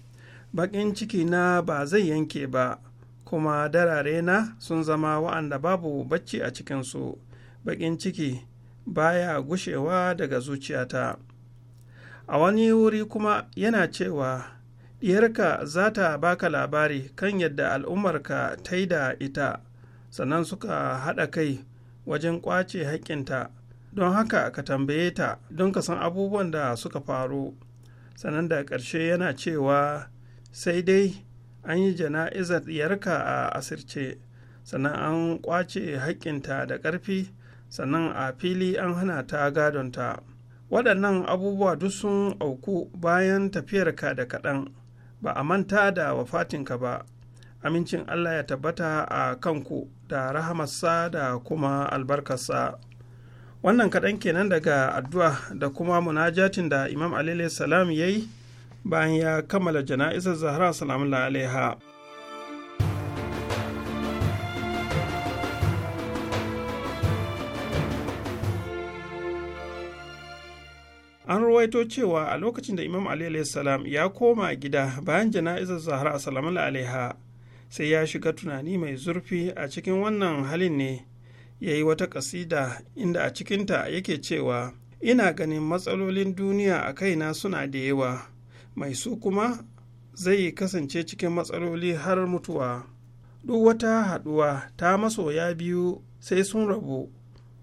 baƙin ciki na ba zai yanke ba kuma darare na sun zama wa'anda babu bacci a cikinsu baƙin ciki baya gushewa daga zuciyata a wani wuri kuma yana cewa diyarka za ta baka labari kan yadda al'ummarka ta yi da ita sannan suka haɗa kai wajen ƙwace haƙƙinta don haka ka tambaye ta don ka san abubuwan da suka faru sannan da ƙarshe yana cewa sai dai an yi jana'izar yarka a asirce sannan an ƙwace haƙƙinta da ƙarfi sannan a fili an hana ta gadonta waɗannan abubuwa duk sun auku bayan tafiyarka da kaɗan ba a manta da wafatinka ba amincin allah ya tabbata a kanku da rahamarsa da kuma albarkarsa wannan kaɗan kenan daga addu'a da kuma munajatin da imam alaihi salam ya yi bayan ya kammala jana'izar zahra salamun la'alaiha an ruwaito cewa a lokacin da imam alaihi salam ya koma gida bayan jana'izar zahra salamun la'alaiha sai ya shiga tunani mai zurfi a cikin wannan halin ne ya yi wata kasida inda a cikinta yake cewa ina ganin matsalolin duniya a kaina suna da yawa mai su kuma zai kasance cikin matsaloli har mutuwa duk wata haɗuwa ta masoya biyu sai sun rabu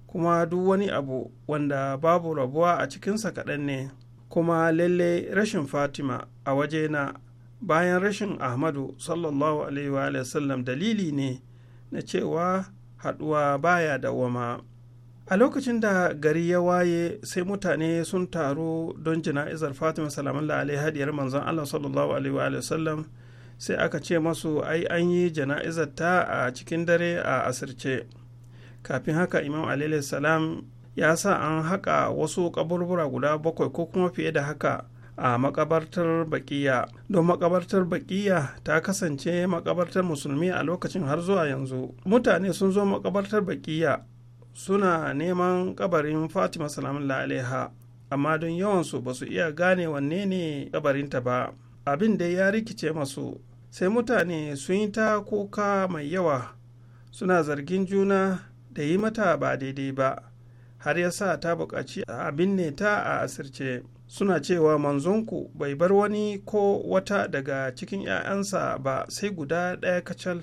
kuma duk wani abu wanda babu rabuwa a cikinsa kaɗan ne kuma lalle rashin fatima a wajena bayan rashin ahmadu sallallahu alaihi wa sallam dalili ne na cewa haɗuwa baya dawwama a lokacin da gari ya waye sai mutane sun taru don jana'izar fatima salamullah la'alai hadiyar manzon allah sallallahu alaihi wa sallam sai aka ce masu ai an yi jana'izar ta a cikin dare a asirce kafin haka imam alaihi salam ya sa an haƙa wasu kaburbura guda bakwai ko kuma fiye da haka a makabartar bakiya don makabartar bakiya ta kasance makabartar musulmi a lokacin har zuwa yanzu mutane sun zo makabartar bakiya suna neman kabarin fatima salamun la'aleha amma don yawansu ba su iya gane wanne ne kabarinta ba abin da ya rikice masu sai mutane sun yi ta kuka mai yawa suna zargin juna da yi mata ba daidai ba har ya sa ta buƙaci abin ne ta a asirce suna cewa manzonku bai bar wani ko wata daga cikin ‘ya'yansa ba sai guda ɗaya kacal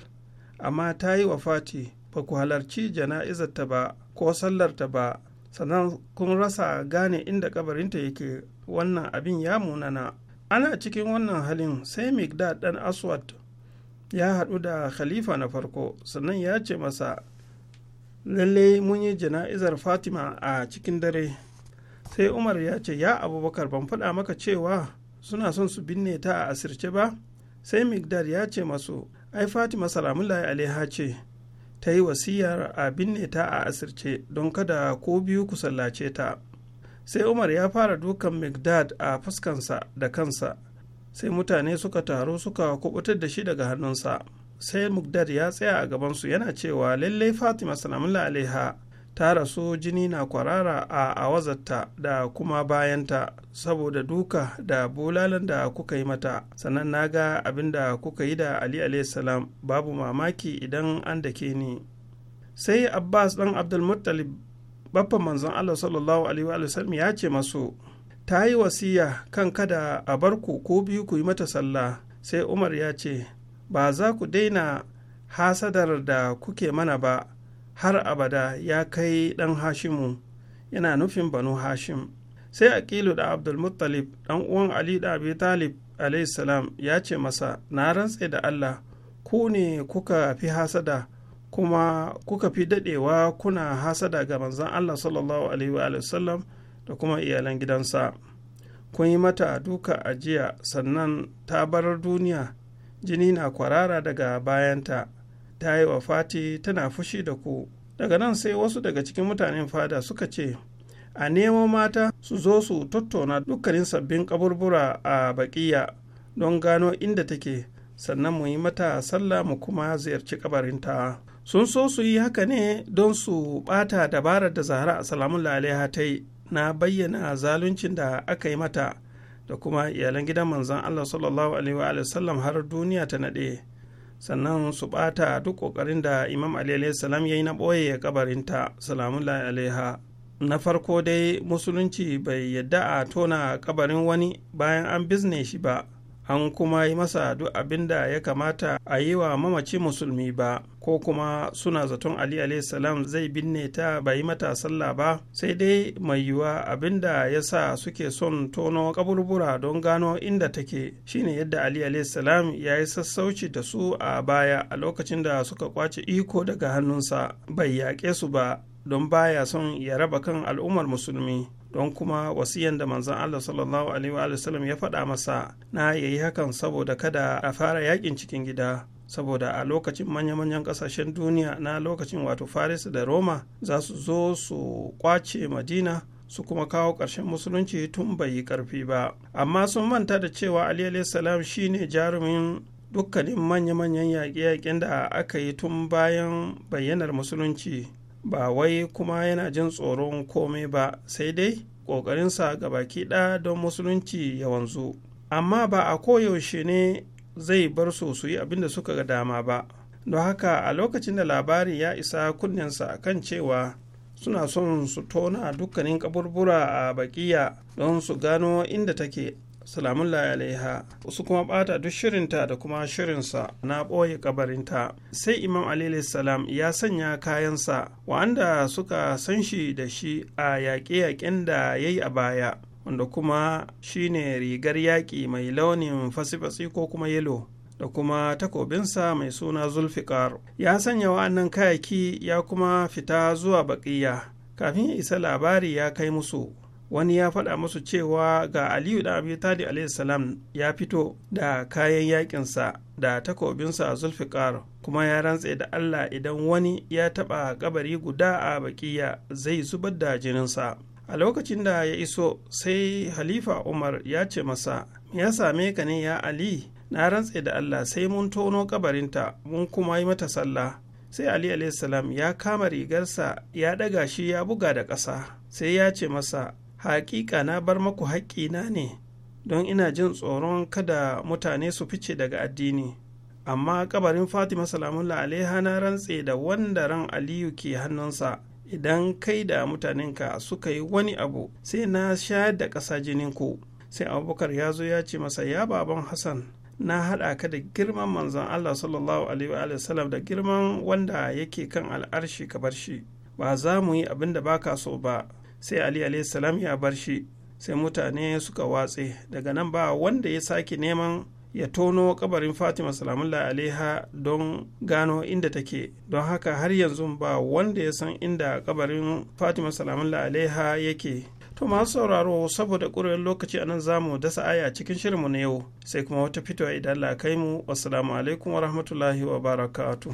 amma ta yi wa fati ba ku halarci jana'izarta ba ko sallarta ba sannan kun rasa gane inda kabarinta yake wannan abin ya munana ana cikin wannan halin sai migdad ɗan aswad ya haɗu da khalifa na farko sannan ya ce masa lallai mun yi jana'izar fatima a cikin dare sai umar ya ce ya abubakar ban faɗa maka cewa suna son su binne ta a asirce ba sai migdar ya ce masu ai fatima salamullahi alaiha ce ta yi wasiyar a binne ta a asirce don kada ko biyu ku sallace ta sai umar ya fara dukan migdad a fuskansa da kansa sai mutane suka taru suka kubutar da shi daga hannunsa sai mugdad ya tsaya a gabansu yana cewa lallai fatima salamullahi alaiha ta rasu jini na kwarara a awazarta da kuma bayanta saboda duka da bulalan da kuka yi mata sannan na ga abin da kuka yi da ali salam babu mamaki idan an dake ni sai abbas dan abdulmuttalib baffan manzon allah sallallahu alaihi wa ya ce masu ta yi wasiya kan kada a bar ku ko biyu ku yi mata sallah sai umar ya ce ba za ku daina hasadar da kuke mana ba har abada ya kai ɗan hashimu yana nufin banu hashim sai aqilu da abdulmuttalib ɗan uwan ali da abi talib salam ya ce masa na rantse da allah ku ne kuka fi hasada kuma kuka fi daɗewa kuna hasada ga manzon allah sallallahu alaihi wa da kuma iyalan gidansa kun yi mata duka ajiya sannan ta barar duniya jini na kwarara daga bayanta ta yi wa fati tana fushi da ku daga nan sai wasu daga cikin mutanen fada suka ce a nemo mata su zo su tattauna dukkanin sabbin kaburbura a baƙiya don gano inda take sannan mu yi mata sallah mu kuma ziyarci kabarinta sun so su yi haka ne don su ɓata dabarar da zahra a salamun laliha ta yi na bayyana zaluncin da aka yi mata da kuma iyalan gidan manzan allah sallallahu alaihi wa sallam har duniya ta naɗe sannan su ɓata duk ƙoƙarin da imam ali salam ya yi na ɓoye kabarinta salamun alaiha na farko dai musulunci bai yadda a tona kabarin wani bayan an bizne shi ba an kuma yi masa duk abin da ya kamata a yi wa mamaci musulmi ba ko kuma suna zaton ali salam zai binne ta ba yi mata sallah ba sai dai mai yiwuwa abin da ya sa suke son tono kaburbura don gano inda take shine yadda ali salam ya yi sassauci da su a baya a lokacin da suka kwace iko daga hannunsa bai yaƙe su ba don baya son ya raba kan al'ummar musulmi don kuma wasiyan da manzan Allah sallallahu alaihi wa sallam ya faɗa masa na yayi hakan saboda kada a fara yakin cikin gida saboda a lokacin manya-manyan ƙasashen duniya na lokacin wato faris da roma za su zo su kwace madina su kuma kawo ƙarshen musulunci tun bai yi ƙarfi ba amma sun manta da cewa ali salam shine jarumin dukkanin manya-manyan yaƙe-yaƙen da aka yi tun bayan bayyanar musulunci ba wai kuma yana jin tsoron komai ba sai dai ƙoƙarinsa ga baki ɗaya don musulunci ya wanzu amma ba a koyaushe ne zai bar su su yi abin da suka ga dama ba don haka a lokacin da labari ya isa kunnensa kan cewa suna son su tona dukkanin kaburbura a bakiya don su gano inda take salamullahi alaiha wasu kuma bata duk shirinta da kuma shirinsa na ɓoye kabarinta sai imam alaihi salam ya sanya kayansa wa'anda suka san shi da shi a yaƙe-yaƙen da ya yi a baya wanda kuma shine rigar yaƙi mai launin fasifasi ko kuma yelo da kuma takobinsa mai suna zulfikar ya sanya wa'annan kayaki ya kuma fita zuwa baƙiya kafin ya isa labari ya kai musu wani ya faɗa musu cewa ga aliyu da abu tadi salam ya fito da kayan yakinsa da takobinsa a zulfikar kuma ya rantse da allah idan wani ya taɓa ƙabari guda a bakiya zai zubar da jininsa a lokacin da ya iso sai halifa umar ya ce masa ya same ka ne ya ali na rantse da allah sai mun tono kabarinta mun kuma yi mata sallah sai ali salam ya kama rigarsa ya ɗaga shi ya buga da ƙasa sai ya ce masa haƙiƙa na bar maku haƙƙina ne don ina jin tsoron kada mutane su fice daga addini amma kabarin fatima Salamun alaiha na rantse da wanda ran aliyu ke hannunsa idan kai da mutanenka suka yi wani abu sai na shayar da ƙasa jininku sai abubakar ya zo ya ce masa ya baban hassan na haɗa ka da girman manzan allah sallallahu alaihi wa sallam da girman wanda yake kan al'arshi ka bar shi ba za mu yi abin da baka so ba sai ali salam ya bar shi sai mutane suka watse daga nan ba wanda ya sake neman ya tono kabarin fatima salamullah alaiha don gano inda take don haka har yanzu ba wanda ya san inda kabarin fatima salamullah alaiha yake to masu sauraro saboda ƙuriyar lokaci anan zamu dasa aya cikin shirinmu na yau sai kuma wata fitowa idan la kai mu wasu alaikum wa rahmatullahi wa barakatuh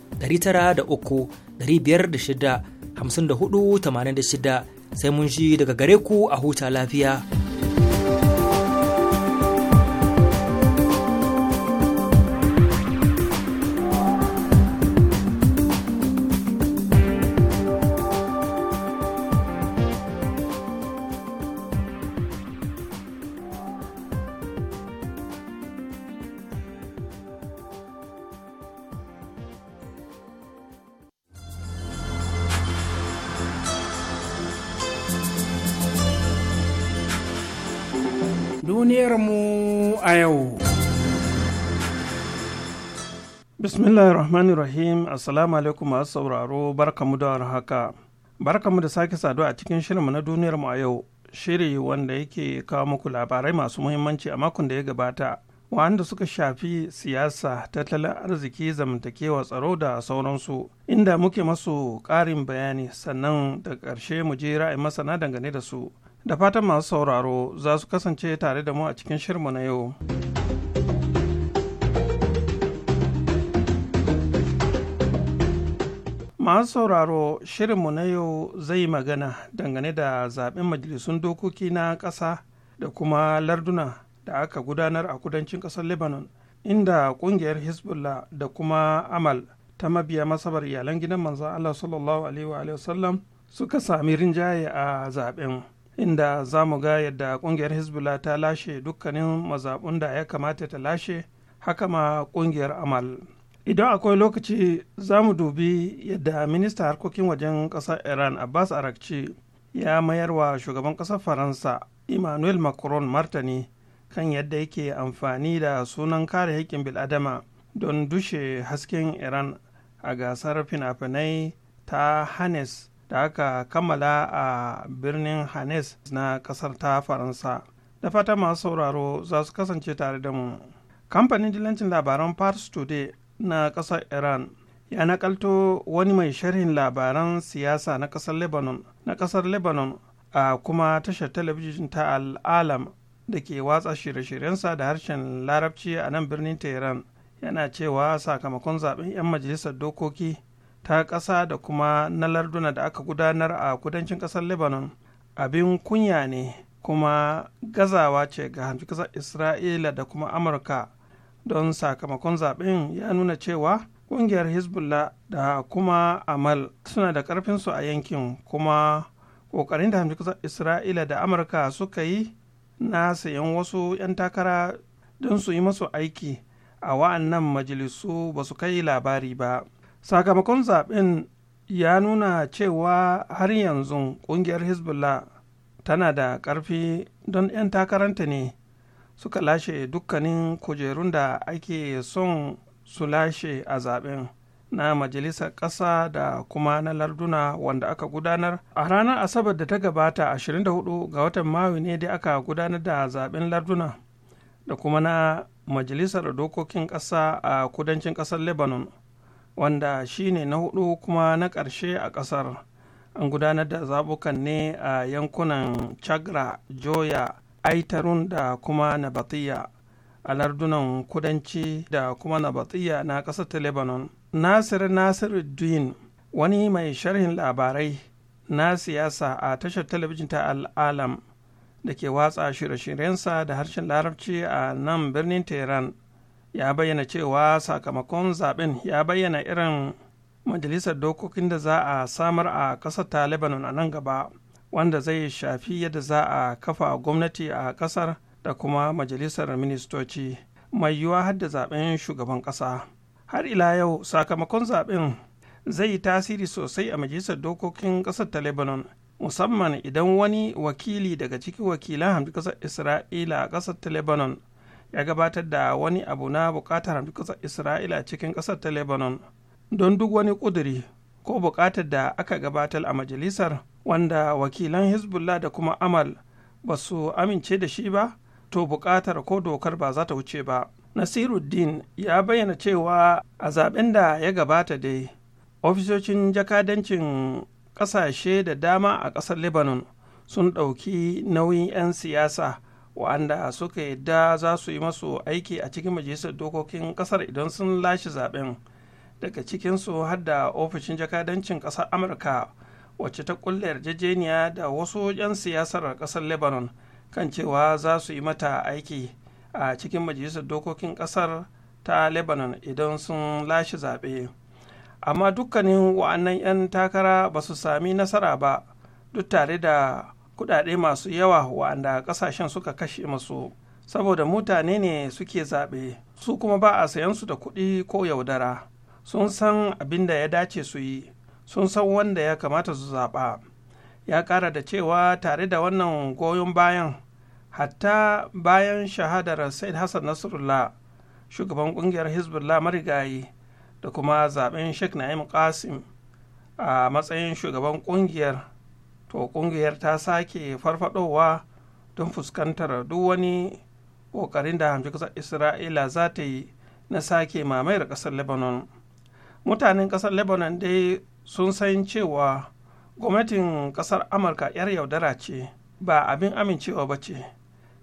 903 da 86 sai mun ji daga gare ku a huta lafiya. a yau. Bismillahir Rahmanir Rahim, Assalamu alaikum masu sauraro, barkamu da haka. Barka mu da sake saduwa a cikin shirinmu na duniyar mu a yau, shiri wanda yake kawo muku labarai masu muhimmanci a makon da ya gabata, wanda suka shafi siyasa, tattalin arziki, zamantakewa, tsaro da sauransu, inda muke masu ƙarin bayani sannan da ƙarshe mu je ra'ayi masana dangane da su. da fatan masu sauraro za su kasance tare da mu a cikin shirmu na yau. masu sauraro shirinmu na yau zai magana dangane da zaben majalisun dokoki na ƙasa da kuma larduna da aka gudanar a kudancin ƙasar lebanon inda ƙungiyar hezbollah da kuma amal ta mabiya masabar iyalan gidan manzan allah sallallahu alaihi wa sallam suka sami rinjaye a zaben inda za mu ga yadda kungiyar hezbollah ta lashe dukkanin mazaɓun da ya kamata ta lashe haka ma kungiyar amal idan akwai lokaci za mu dubi yadda minista harkokin wajen ƙasar iran abbas arakci ya mayar wa shugaban ƙasar faransa emmanuel macron martani kan yadda yake amfani da sunan kare haƙƙin bil'adama don dushe hasken iran a gasar fina-finai ta hannes da aka kammala a birnin hannes na kasar ta faransa da fata masu sauraro za su kasance tare da mu kamfanin dilancin labaran pars today na kasar iran ya nakalto wani mai sharhin labaran siyasa na kasar lebanon na kasar lebanon a kuma tashar talabijin ta al'alam da ke watsa shirye-shiryensa da harshen larabci a nan birnin tehran yana cewa sakamakon zaben 'yan majalisar dokoki ta ƙasa da kuma na larduna da aka gudanar a kudancin ƙasar lebanon abin kunya ne kuma gazawa ce ga hamshi ƙasar isra'ila da kuma amurka don sakamakon zaɓen ya nuna cewa ƙungiyar hezbollah da kuma amal suna da ƙarfinsu a yankin kuma ƙoƙarin da hamshi ƙasar isra'ila da amurka suka yi na sayan wasu 'yan takara don su yi masu aiki a wa'annan majalisu ba su kai labari ba sakamakon zaben ya nuna cewa har yanzu kungiyar hezbollah tana da karfi don 'yan takaranta ne suka lashe dukkanin kujerun da ake son su lashe a zaben na majalisar ƙasa da kuma na larduna wanda aka gudanar a ranar asabar da ta gabata 24 ga watan mayu ne da aka gudanar da zaben larduna da kuma na majalisar dokokin ƙasa a kudancin ƙasar lebanon wanda shi ne na hudu kuma na ƙarshe a ƙasar an gudanar da zabukan ne a yankunan chagra joya aitarun da kuma nabatiya a lardunan kudanci da kuma nabatiya na ƙasar ta lebanon nasir duin wani mai sharhin labarai na siyasa a tashar talabijin ta al'alam da ke watsa shirye-shiryensa da harshen larabci a nan birnin tehran ya bayyana cewa sakamakon zaben ya bayyana irin majalisar dokokin da za a samar a ƙasar ta lebanon a nan gaba wanda zai shafi yadda za a kafa gwamnati a ƙasar da kuma majalisar ministoci mai yiwuwa da zaben shugaban ƙasa har ila yau sakamakon zaben zai yi tasiri sosai a majalisar dokokin ƙasar ta lebanon musamman idan wani wakili daga cikin wakilan hamdu ƙasar isra'ila a ƙasar ta lebanon ya gabatar da wani abu na bukatar ƙasar isra'ila cikin ƙasar ta lebanon don duk wani ƙuduri ko bukatar da aka gabatar a majalisar wanda wakilan hezbollah da kuma amal ba su amince da shi ba to bukatar ko dokar ba za ta wuce ba nasiruddin ya bayyana cewa a zaben da ya gabata dai ofisoshin jakadancin ƙasashe da dama a ƙasar lebanon sun ɗauki nauyin 'yan siyasa wa'anda suka yadda za su yi masu aiki a cikin majalisar dokokin kasar idan sun lashe zaben daga cikinsu har da ofishin jakadancin kasar amurka wacce ta kulle yarjejeniya da wasu 'yan siyasar kasar lebanon kan cewa za su yi mata aiki a cikin majalisar dokokin kasar ta lebanon idan sun lashe zaɓe amma dukkanin wa'annan 'yan takara ba su sami nasara ba duk tare da kudade masu yawa wa'anda kasashen suka kashe masu saboda mutane ne suke zaɓe su kuma ba a sayan su da kuɗi ko yaudara sun san abin da ya dace su yi sun san wanda ya kamata su zaɓa ya ƙara da cewa tare da wannan goyon bayan hatta bayan shahadar said hassan nasrullah shugaban ƙungiyar hezbollah marigayi da kuma zaɓen sheikh na'im qasim a matsayin shugaban ƙungiyar to ƙungiyar ta sake farfadowa don fuskantar duk wani ƙoƙarin da hamshi ƙasar isra'ila za ta yi na sake mamayar ƙasar lebanon mutanen ƙasar lebanon dai sun san cewa gwamnatin ƙasar amurka 'yar yaudara ce ba abin amincewa ba ce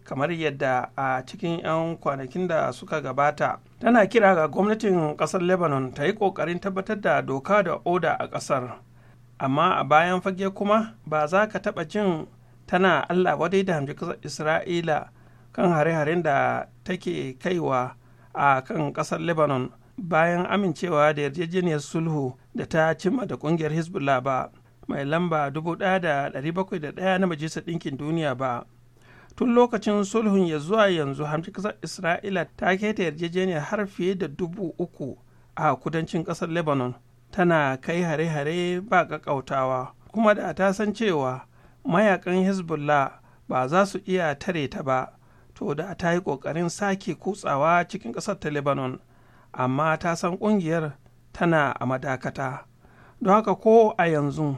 kamar yadda a cikin 'yan kwanakin da suka gabata tana kira ga gwamnatin ƙasar lebanon ta yi ƙoƙarin tabbatar da doka da oda a ƙasar amma a bayan fage kuma ba za ka taɓa jin tana allah wadai da hamji isra'ila kan hare-haren da take kaiwa a kan ƙasar lebanon bayan amincewa da yarjejeniyar sulhu da ta cimma da ƙungiyar hezbollah ba mai lamba 1701 na majalisar ɗinkin duniya ba tun lokacin sulhun ya zuwa yanzu hamji ƙasar isra'ila ta keta yarjejeniyar har fiye da dubu uku a kudancin ƙasar lebanon tana kai hare-hare ba ƙaƙautawa kuma da ta san cewa mayakan hezbollah ba za su iya tare ta ba to da ta yi ƙoƙarin sake kutsawa cikin ƙasar ta lebanon amma ta san ƙungiyar tana a madakata don haka ko a yanzu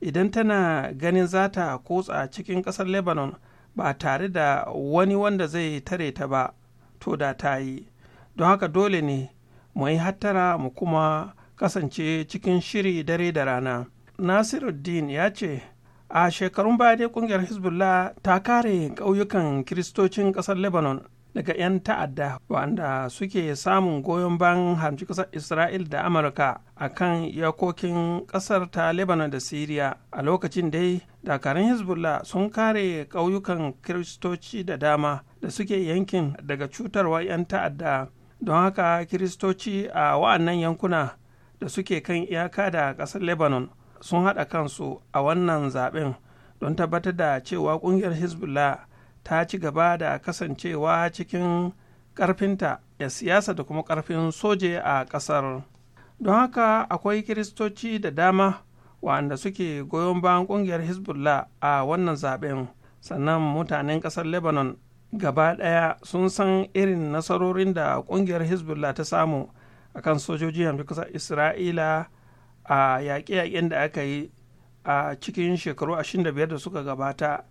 idan tana ganin za ta kutsa cikin ƙasar lebanon ba tare da wani wanda zai tare ta ba to da ta yi don haka dole ne mu yi hattara mu kuma kasance cikin shiri dare da rana nasiruddin ya ce a shekarun baya dai kungiyar hezbollah ta kare ƙauyukan kiristocin ƙasar lebanon daga 'yan ta'adda wanda suke samun goyon ban harci ƙasar isra'il da amurka a kan yakokin ƙasar ta lebanon da syria a lokacin dai dakarun hezbollah sun kare ƙauyukan kiristoci da dama da suke yankin daga cutarwa 'yan ta'adda don haka kiristoci a wa'annan yankuna da suke kan iyaka da ƙasar lebanon sun haɗa kansu a wannan zaɓen don tabbatar da cewa ƙungiyar hezbollah ta ci gaba da kasancewa cikin ƙarfinta da siyasa da kuma ƙarfin soje a ƙasar don haka akwai kiristoci da dama waɗanda suke goyon bayan ƙungiyar hezbollah a wannan zaɓen sannan mutanen ƙasar lebanon gaba ɗaya sun san irin nasarorin da ƙungiyar hezbollah ta samu akan sojoji yanzu kusa isra'ila a yaƙe-yaƙen da aka yi a cikin shekaru 25 da suka gabata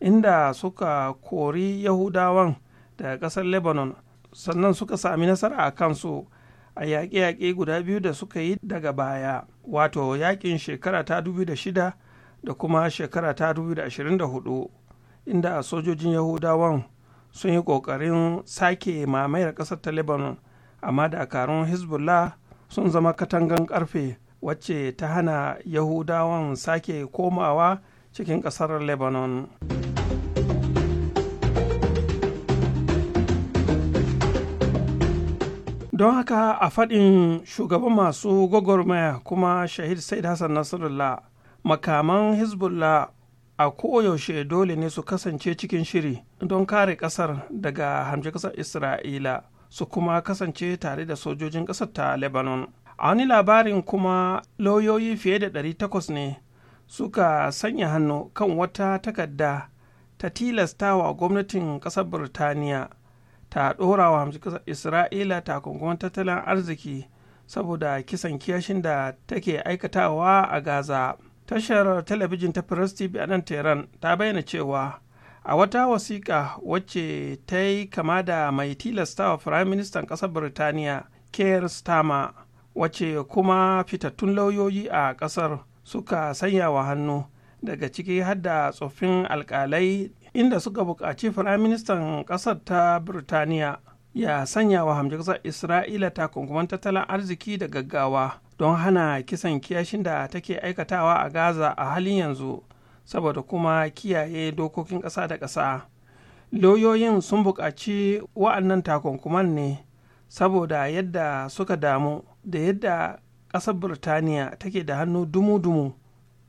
inda suka kori yahudawan daga ƙasar lebanon sannan suka sami nasara a kansu a yaƙe-yaƙe guda biyu da suka yi daga baya wato yaƙin shekara ta 2006 da kuma shekara ta 2024 inda sojojin yahudawan sun yi ƙoƙarin sake mamayar ƙasar ta lebanon amma dakarun hezbollah sun zama katangan karfe wacce ta hana yahudawan sake komawa cikin kasar lebanon don haka a faɗin shugaban masu gwagwarmaya kuma shahid said hassan nasrullah makaman hezbollah a koyaushe dole ne su kasance cikin shiri don kare ƙasar daga hamshe ƙasar isra'ila su kuma kasance tare da sojojin ƙasar ta lebanon a wani labarin kuma lauyoyi fiye da 800 ne suka sanya hannu kan wata takarda ta tilastawa gwamnatin ƙasar birtaniya ta ɗora wa isra'ila takunkuman tattalin arziki saboda kisan kiyashin da take aikatawa a gaza tashar talabijin ta press tv a nan teran ta bayyana cewa a wata wasiƙa wacce ta yi kama da mai tilastawa firayim ministan ƙasar birtaniya keir starmer wacce kuma fitattun lauyoyi a ƙasar suka sanya wa hannu daga ciki hadda tsoffin alƙalai inda suka buƙaci Firayim Ministan ƙasar ta birtaniya ya sanya wa ƙasar isra'ila takunkuman tattalin arziki da gaggawa don hana kisan kiyashin da take aikatawa a gaza a halin yanzu saboda kuma kiyaye dokokin ƙasa da ƙasa lauyoyin sun buƙaci wa'annan takunkuman ne saboda yadda suka damu da yadda ƙasar birtaniya take da hannu dumu-dumu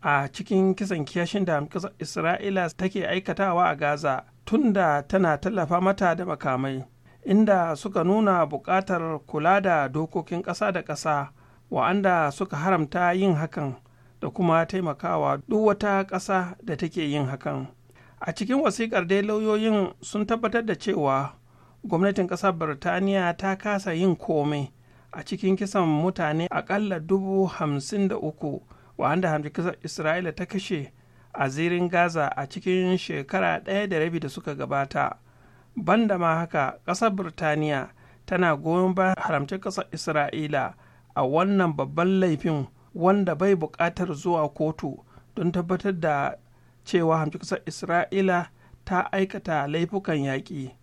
a cikin kisan kiyashin da isra'ila take aikatawa a gaza tunda tana tallafa mata da makamai inda suka nuna buƙatar kula da dokokin ƙasa da ƙasa wa'anda suka haramta yin hakan da kuma taimakawa duk wata ƙasa da take yin hakan a cikin wasiƙar dai lauyoyin sun tabbatar da cewa gwamnatin ƙasar birtaniya ta kasa yin komai a cikin kisan mutane aƙalla dubu hamsin da uku wanda ƙasar isra'ila ta kashe a zirin gaza a cikin shekara ɗaya da rabi da suka gabata banda ma haka ƙasar birtaniya tana goyon ba haramcin ƙasar isra'ila a wannan babban laifin wanda bai buƙatar zuwa kotu don tabbatar da cewa hamshiksar isra'ila ta aikata laifukan yaƙi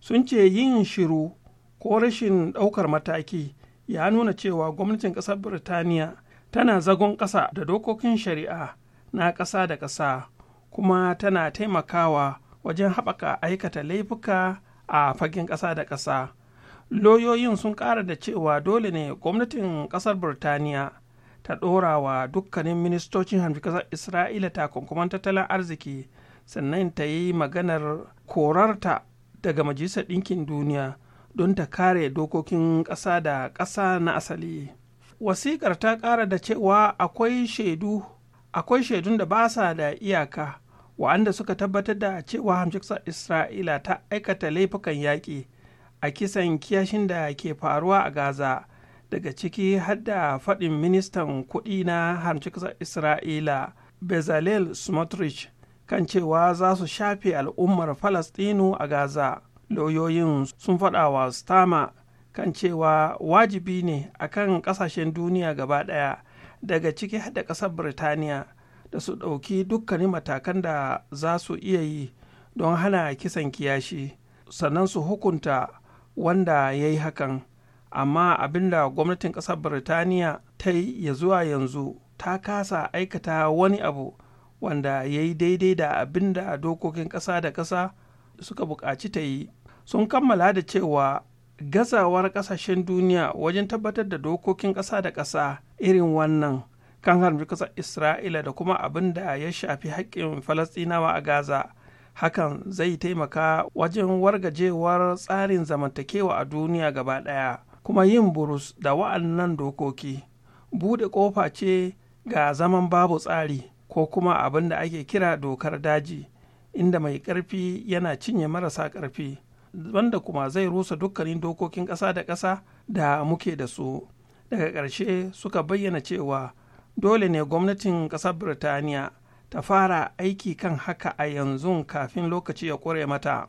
sun ce yin shiru ko rashin ɗaukar mataki ya nuna cewa gwamnatin ƙasar birtaniya tana zagon ƙasa da dokokin shari'a na ƙasa da ƙasa kuma tana taimakawa wajen haɓaka aikata laifuka a fagen ƙasa da ƙasa. Loyoyin sun ƙara da cewa dole ne gwamnatin ƙasar birtaniya ta ɗora wa dukkanin ministocin hamfikasar isra'ila takunkuman tattalin arziki sannan ta yi maganar korarta daga majalisar ɗinkin duniya don ta kare dokokin ƙasa da ƙasa na asali wasiƙar ta ƙara da cewa akwai shaidu akwai shaidun da ba sa da iyaka wa'anda suka tabbatar da cewa hamshiksar isra'ila ta aikata laifukan yaƙi a kisan kiyashin da ke faruwa a gaza daga ciki hadda faɗin ministan kuɗi na harcin ƙasar isra'ila bezalel smotrich kan cewa za su shafe al'ummar falastinu a gaza lauyoyin sun faɗa wa stama kan cewa wajibi ne akan ƙasashen duniya gaba ɗaya daga ciki hada ƙasar birtaniya da su ɗauki dukkanin matakan da za su iya yi don hana kisan kiyashi sannan su hukunta wanda ya yi hakan amma abinda gwamnatin ƙasar birtaniya ta yi ya zuwa yanzu ta kasa aikata wani abu wanda ya yi daidai da abinda dokokin ƙasa da ƙasa suka buƙaci ta yi sun kammala da cewa gazawar ƙasashen duniya wajen tabbatar da dokokin ƙasa da ƙasa irin wannan kan harbi ƙasar isra'ila da kuma abin da ya shafi haƙƙin falastinawa a gaza hakan zai taimaka wajen wargajewar tsarin zamantakewa a duniya gaba ɗaya kuma yin burus da wa'annan dokoki buɗe ƙofa ce ga zaman babu tsari ko kuma abin da ake kira dokar daji inda mai ƙarfi yana cinye marasa ƙarfi wanda kuma zai rusa dukkanin dokokin ƙasa da ƙasa da muke da su daga ƙarshe suka bayyana cewa dole ne gwamnatin ƙasar birtaniya ta fara aiki kan haka a yanzu kafin lokaci ya ƙure mata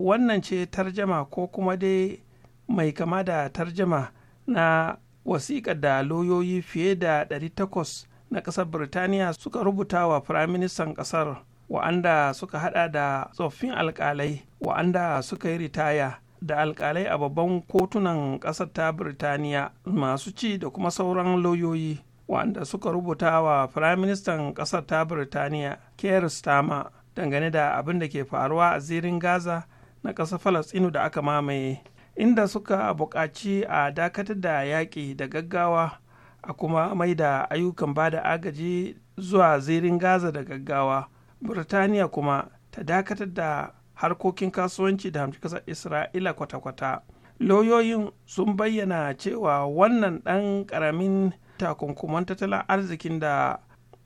wannan ce tarjama ko kuma dai mai kama da tarjama na wasiƙa da lauyoyi fiye da 800 na ƙasar birtaniya suka rubuta wa firaministan ƙasar wa'anda suka hada da tsoffin alƙalai wa'anda suka yi ritaya da alƙalai a babban kotunan ƙasar ta birtaniya masu ci da kuma sauran lauyoyi wa'anda suka rubuta wa firaministan ƙasar ta birtaniya keir starmer dangane da abin da ke faruwa a zirin gaza na ƙasar falastinu da aka mamaye inda suka buƙaci a dakatar da yaƙi da gaggawa a kuma mai da ayyukan ba da agaji zuwa zirin gaza da gaggawa birtaniya kuma ta dakatar da harkokin kasuwanci da hamci kasar isra'ila kwata-kwata lauyoyin sun bayyana cewa wannan ɗan karamin takunkuman tattalin arzikin da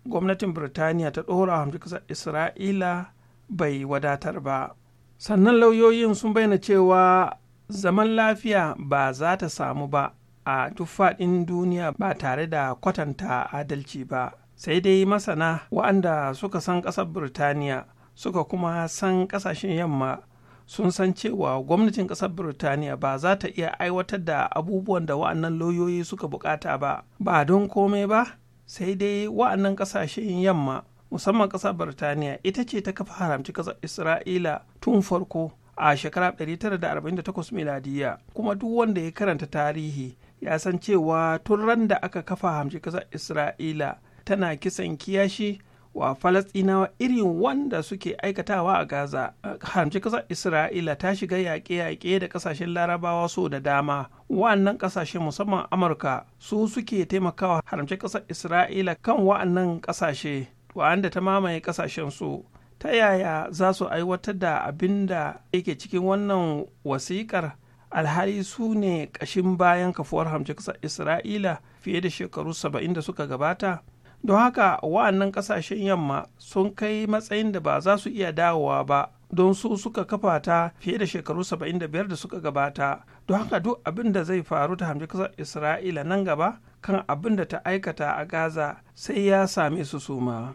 gwamnatin birtaniya ta ɗora hamci kasar isra'ila bai wadatar ba sannan lauyoyin sun bayyana cewa zaman lafiya ba za ta samu ba a tufaɗin duniya ba tare da kwatanta adalci ba sai dai masana waɗanda suka san ƙasar birtaniya suka kuma san ƙasashen yamma sun san cewa gwamnatin ƙasar birtaniya ba za ta iya aiwatar da abubuwan da wa'annan lauyoyi suka buƙata ba ba don komai ba sai dai wa'annan ƙasashen yamma musamman ƙasar birtaniya ita ce ta kafa haramci ƙasar isra'ila tun farko a shekara 1948 miladiya kuma duk wanda ya karanta tarihi ya san cewa tun ran da aka kafa hamshi kasar isra'ila tana kisan kiyashi wa falastinawa irin wanda suke aikatawa a gaza hamshi kasar isra'ila ta shiga yaƙe-yaƙe da ƙasashen larabawa so da dama wa'annan ƙasashe musamman amurka su suke taimakawa haramcin kasar isra'ila kan wa'annan ƙasashe wa'anda ta mamaye ƙasashen su ta yaya za su aiwatar da abin da yake cikin wannan wasiƙar alhali su ne ƙashin bayan kafuwar hamjiksa isra'ila fiye da shekaru saba'in da suka gabata don haka wa'annan ƙasashen yamma sun kai matsayin da ba za su iya dawowa ba don su suka kafa ta fiye da shekaru saba'in da biyar da suka gabata don haka duk abin da zai faru ta hamci kasar isra'ila nan gaba kan abin da ta aikata a gaza sai ya same su suma.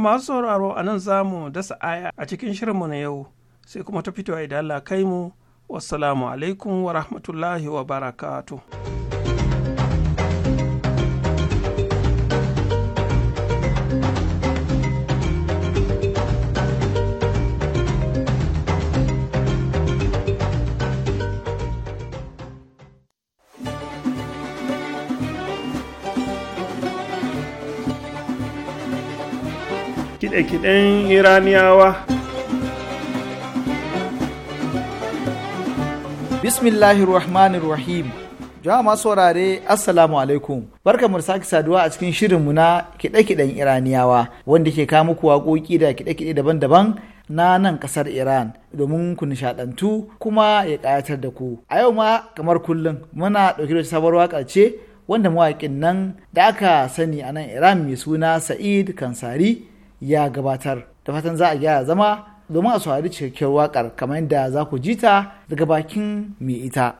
masu sauraro a nan za mu dasa aya a cikin shirinmu na yau sai kuma ta fito idan Allah kai mu wasu alaikum wa rahmatullahi wa barakatu. kiɗe-kiɗen iraniyawa bismillahir jama'a masu saurare assalamu alaikum barka mu sake saduwa a cikin shirin mu na kiɗe-kiɗen iraniyawa wanda ke kawo muku waƙoƙi da kiɗe-kiɗe daban-daban na nan ƙasar Iran domin ku nishaɗantu kuma ya ƙayatar da ku. A yau ma kamar kullum muna ɗauke da sabuwar waƙar ce wanda mawaƙin nan da aka sani a nan Iran mai suna Sa'id Kansari ya gabatar da fatan za a gyara zama domin a saurari cikakkiyar waƙar kamar yadda za ku ji ta daga bakin mai ita.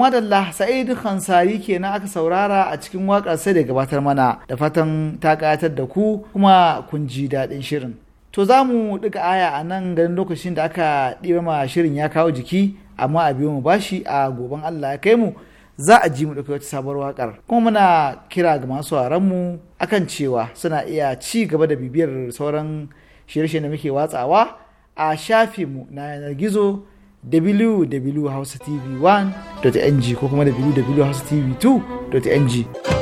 madalla sa'id khansari na aka saurara a cikin waƙar sai da gabatar mana da fatan ta ƙayatar da ku kuma kun ji daɗin shirin to za mu ɗiga aya a nan ganin lokacin da aka ɗiba ma shirin ya kawo jiki amma a biyo mu bashi a goben allah ya kai mu za a ji mu ɗauki wata sabuwar waƙar kuma muna kira ga masu mu akan cewa suna iya ci gaba da bibiyar sauran shirye-shirye da muke watsawa a shafinmu na yanar gizo www.hausatv1.ng ko kuma www.hausatv2.ng.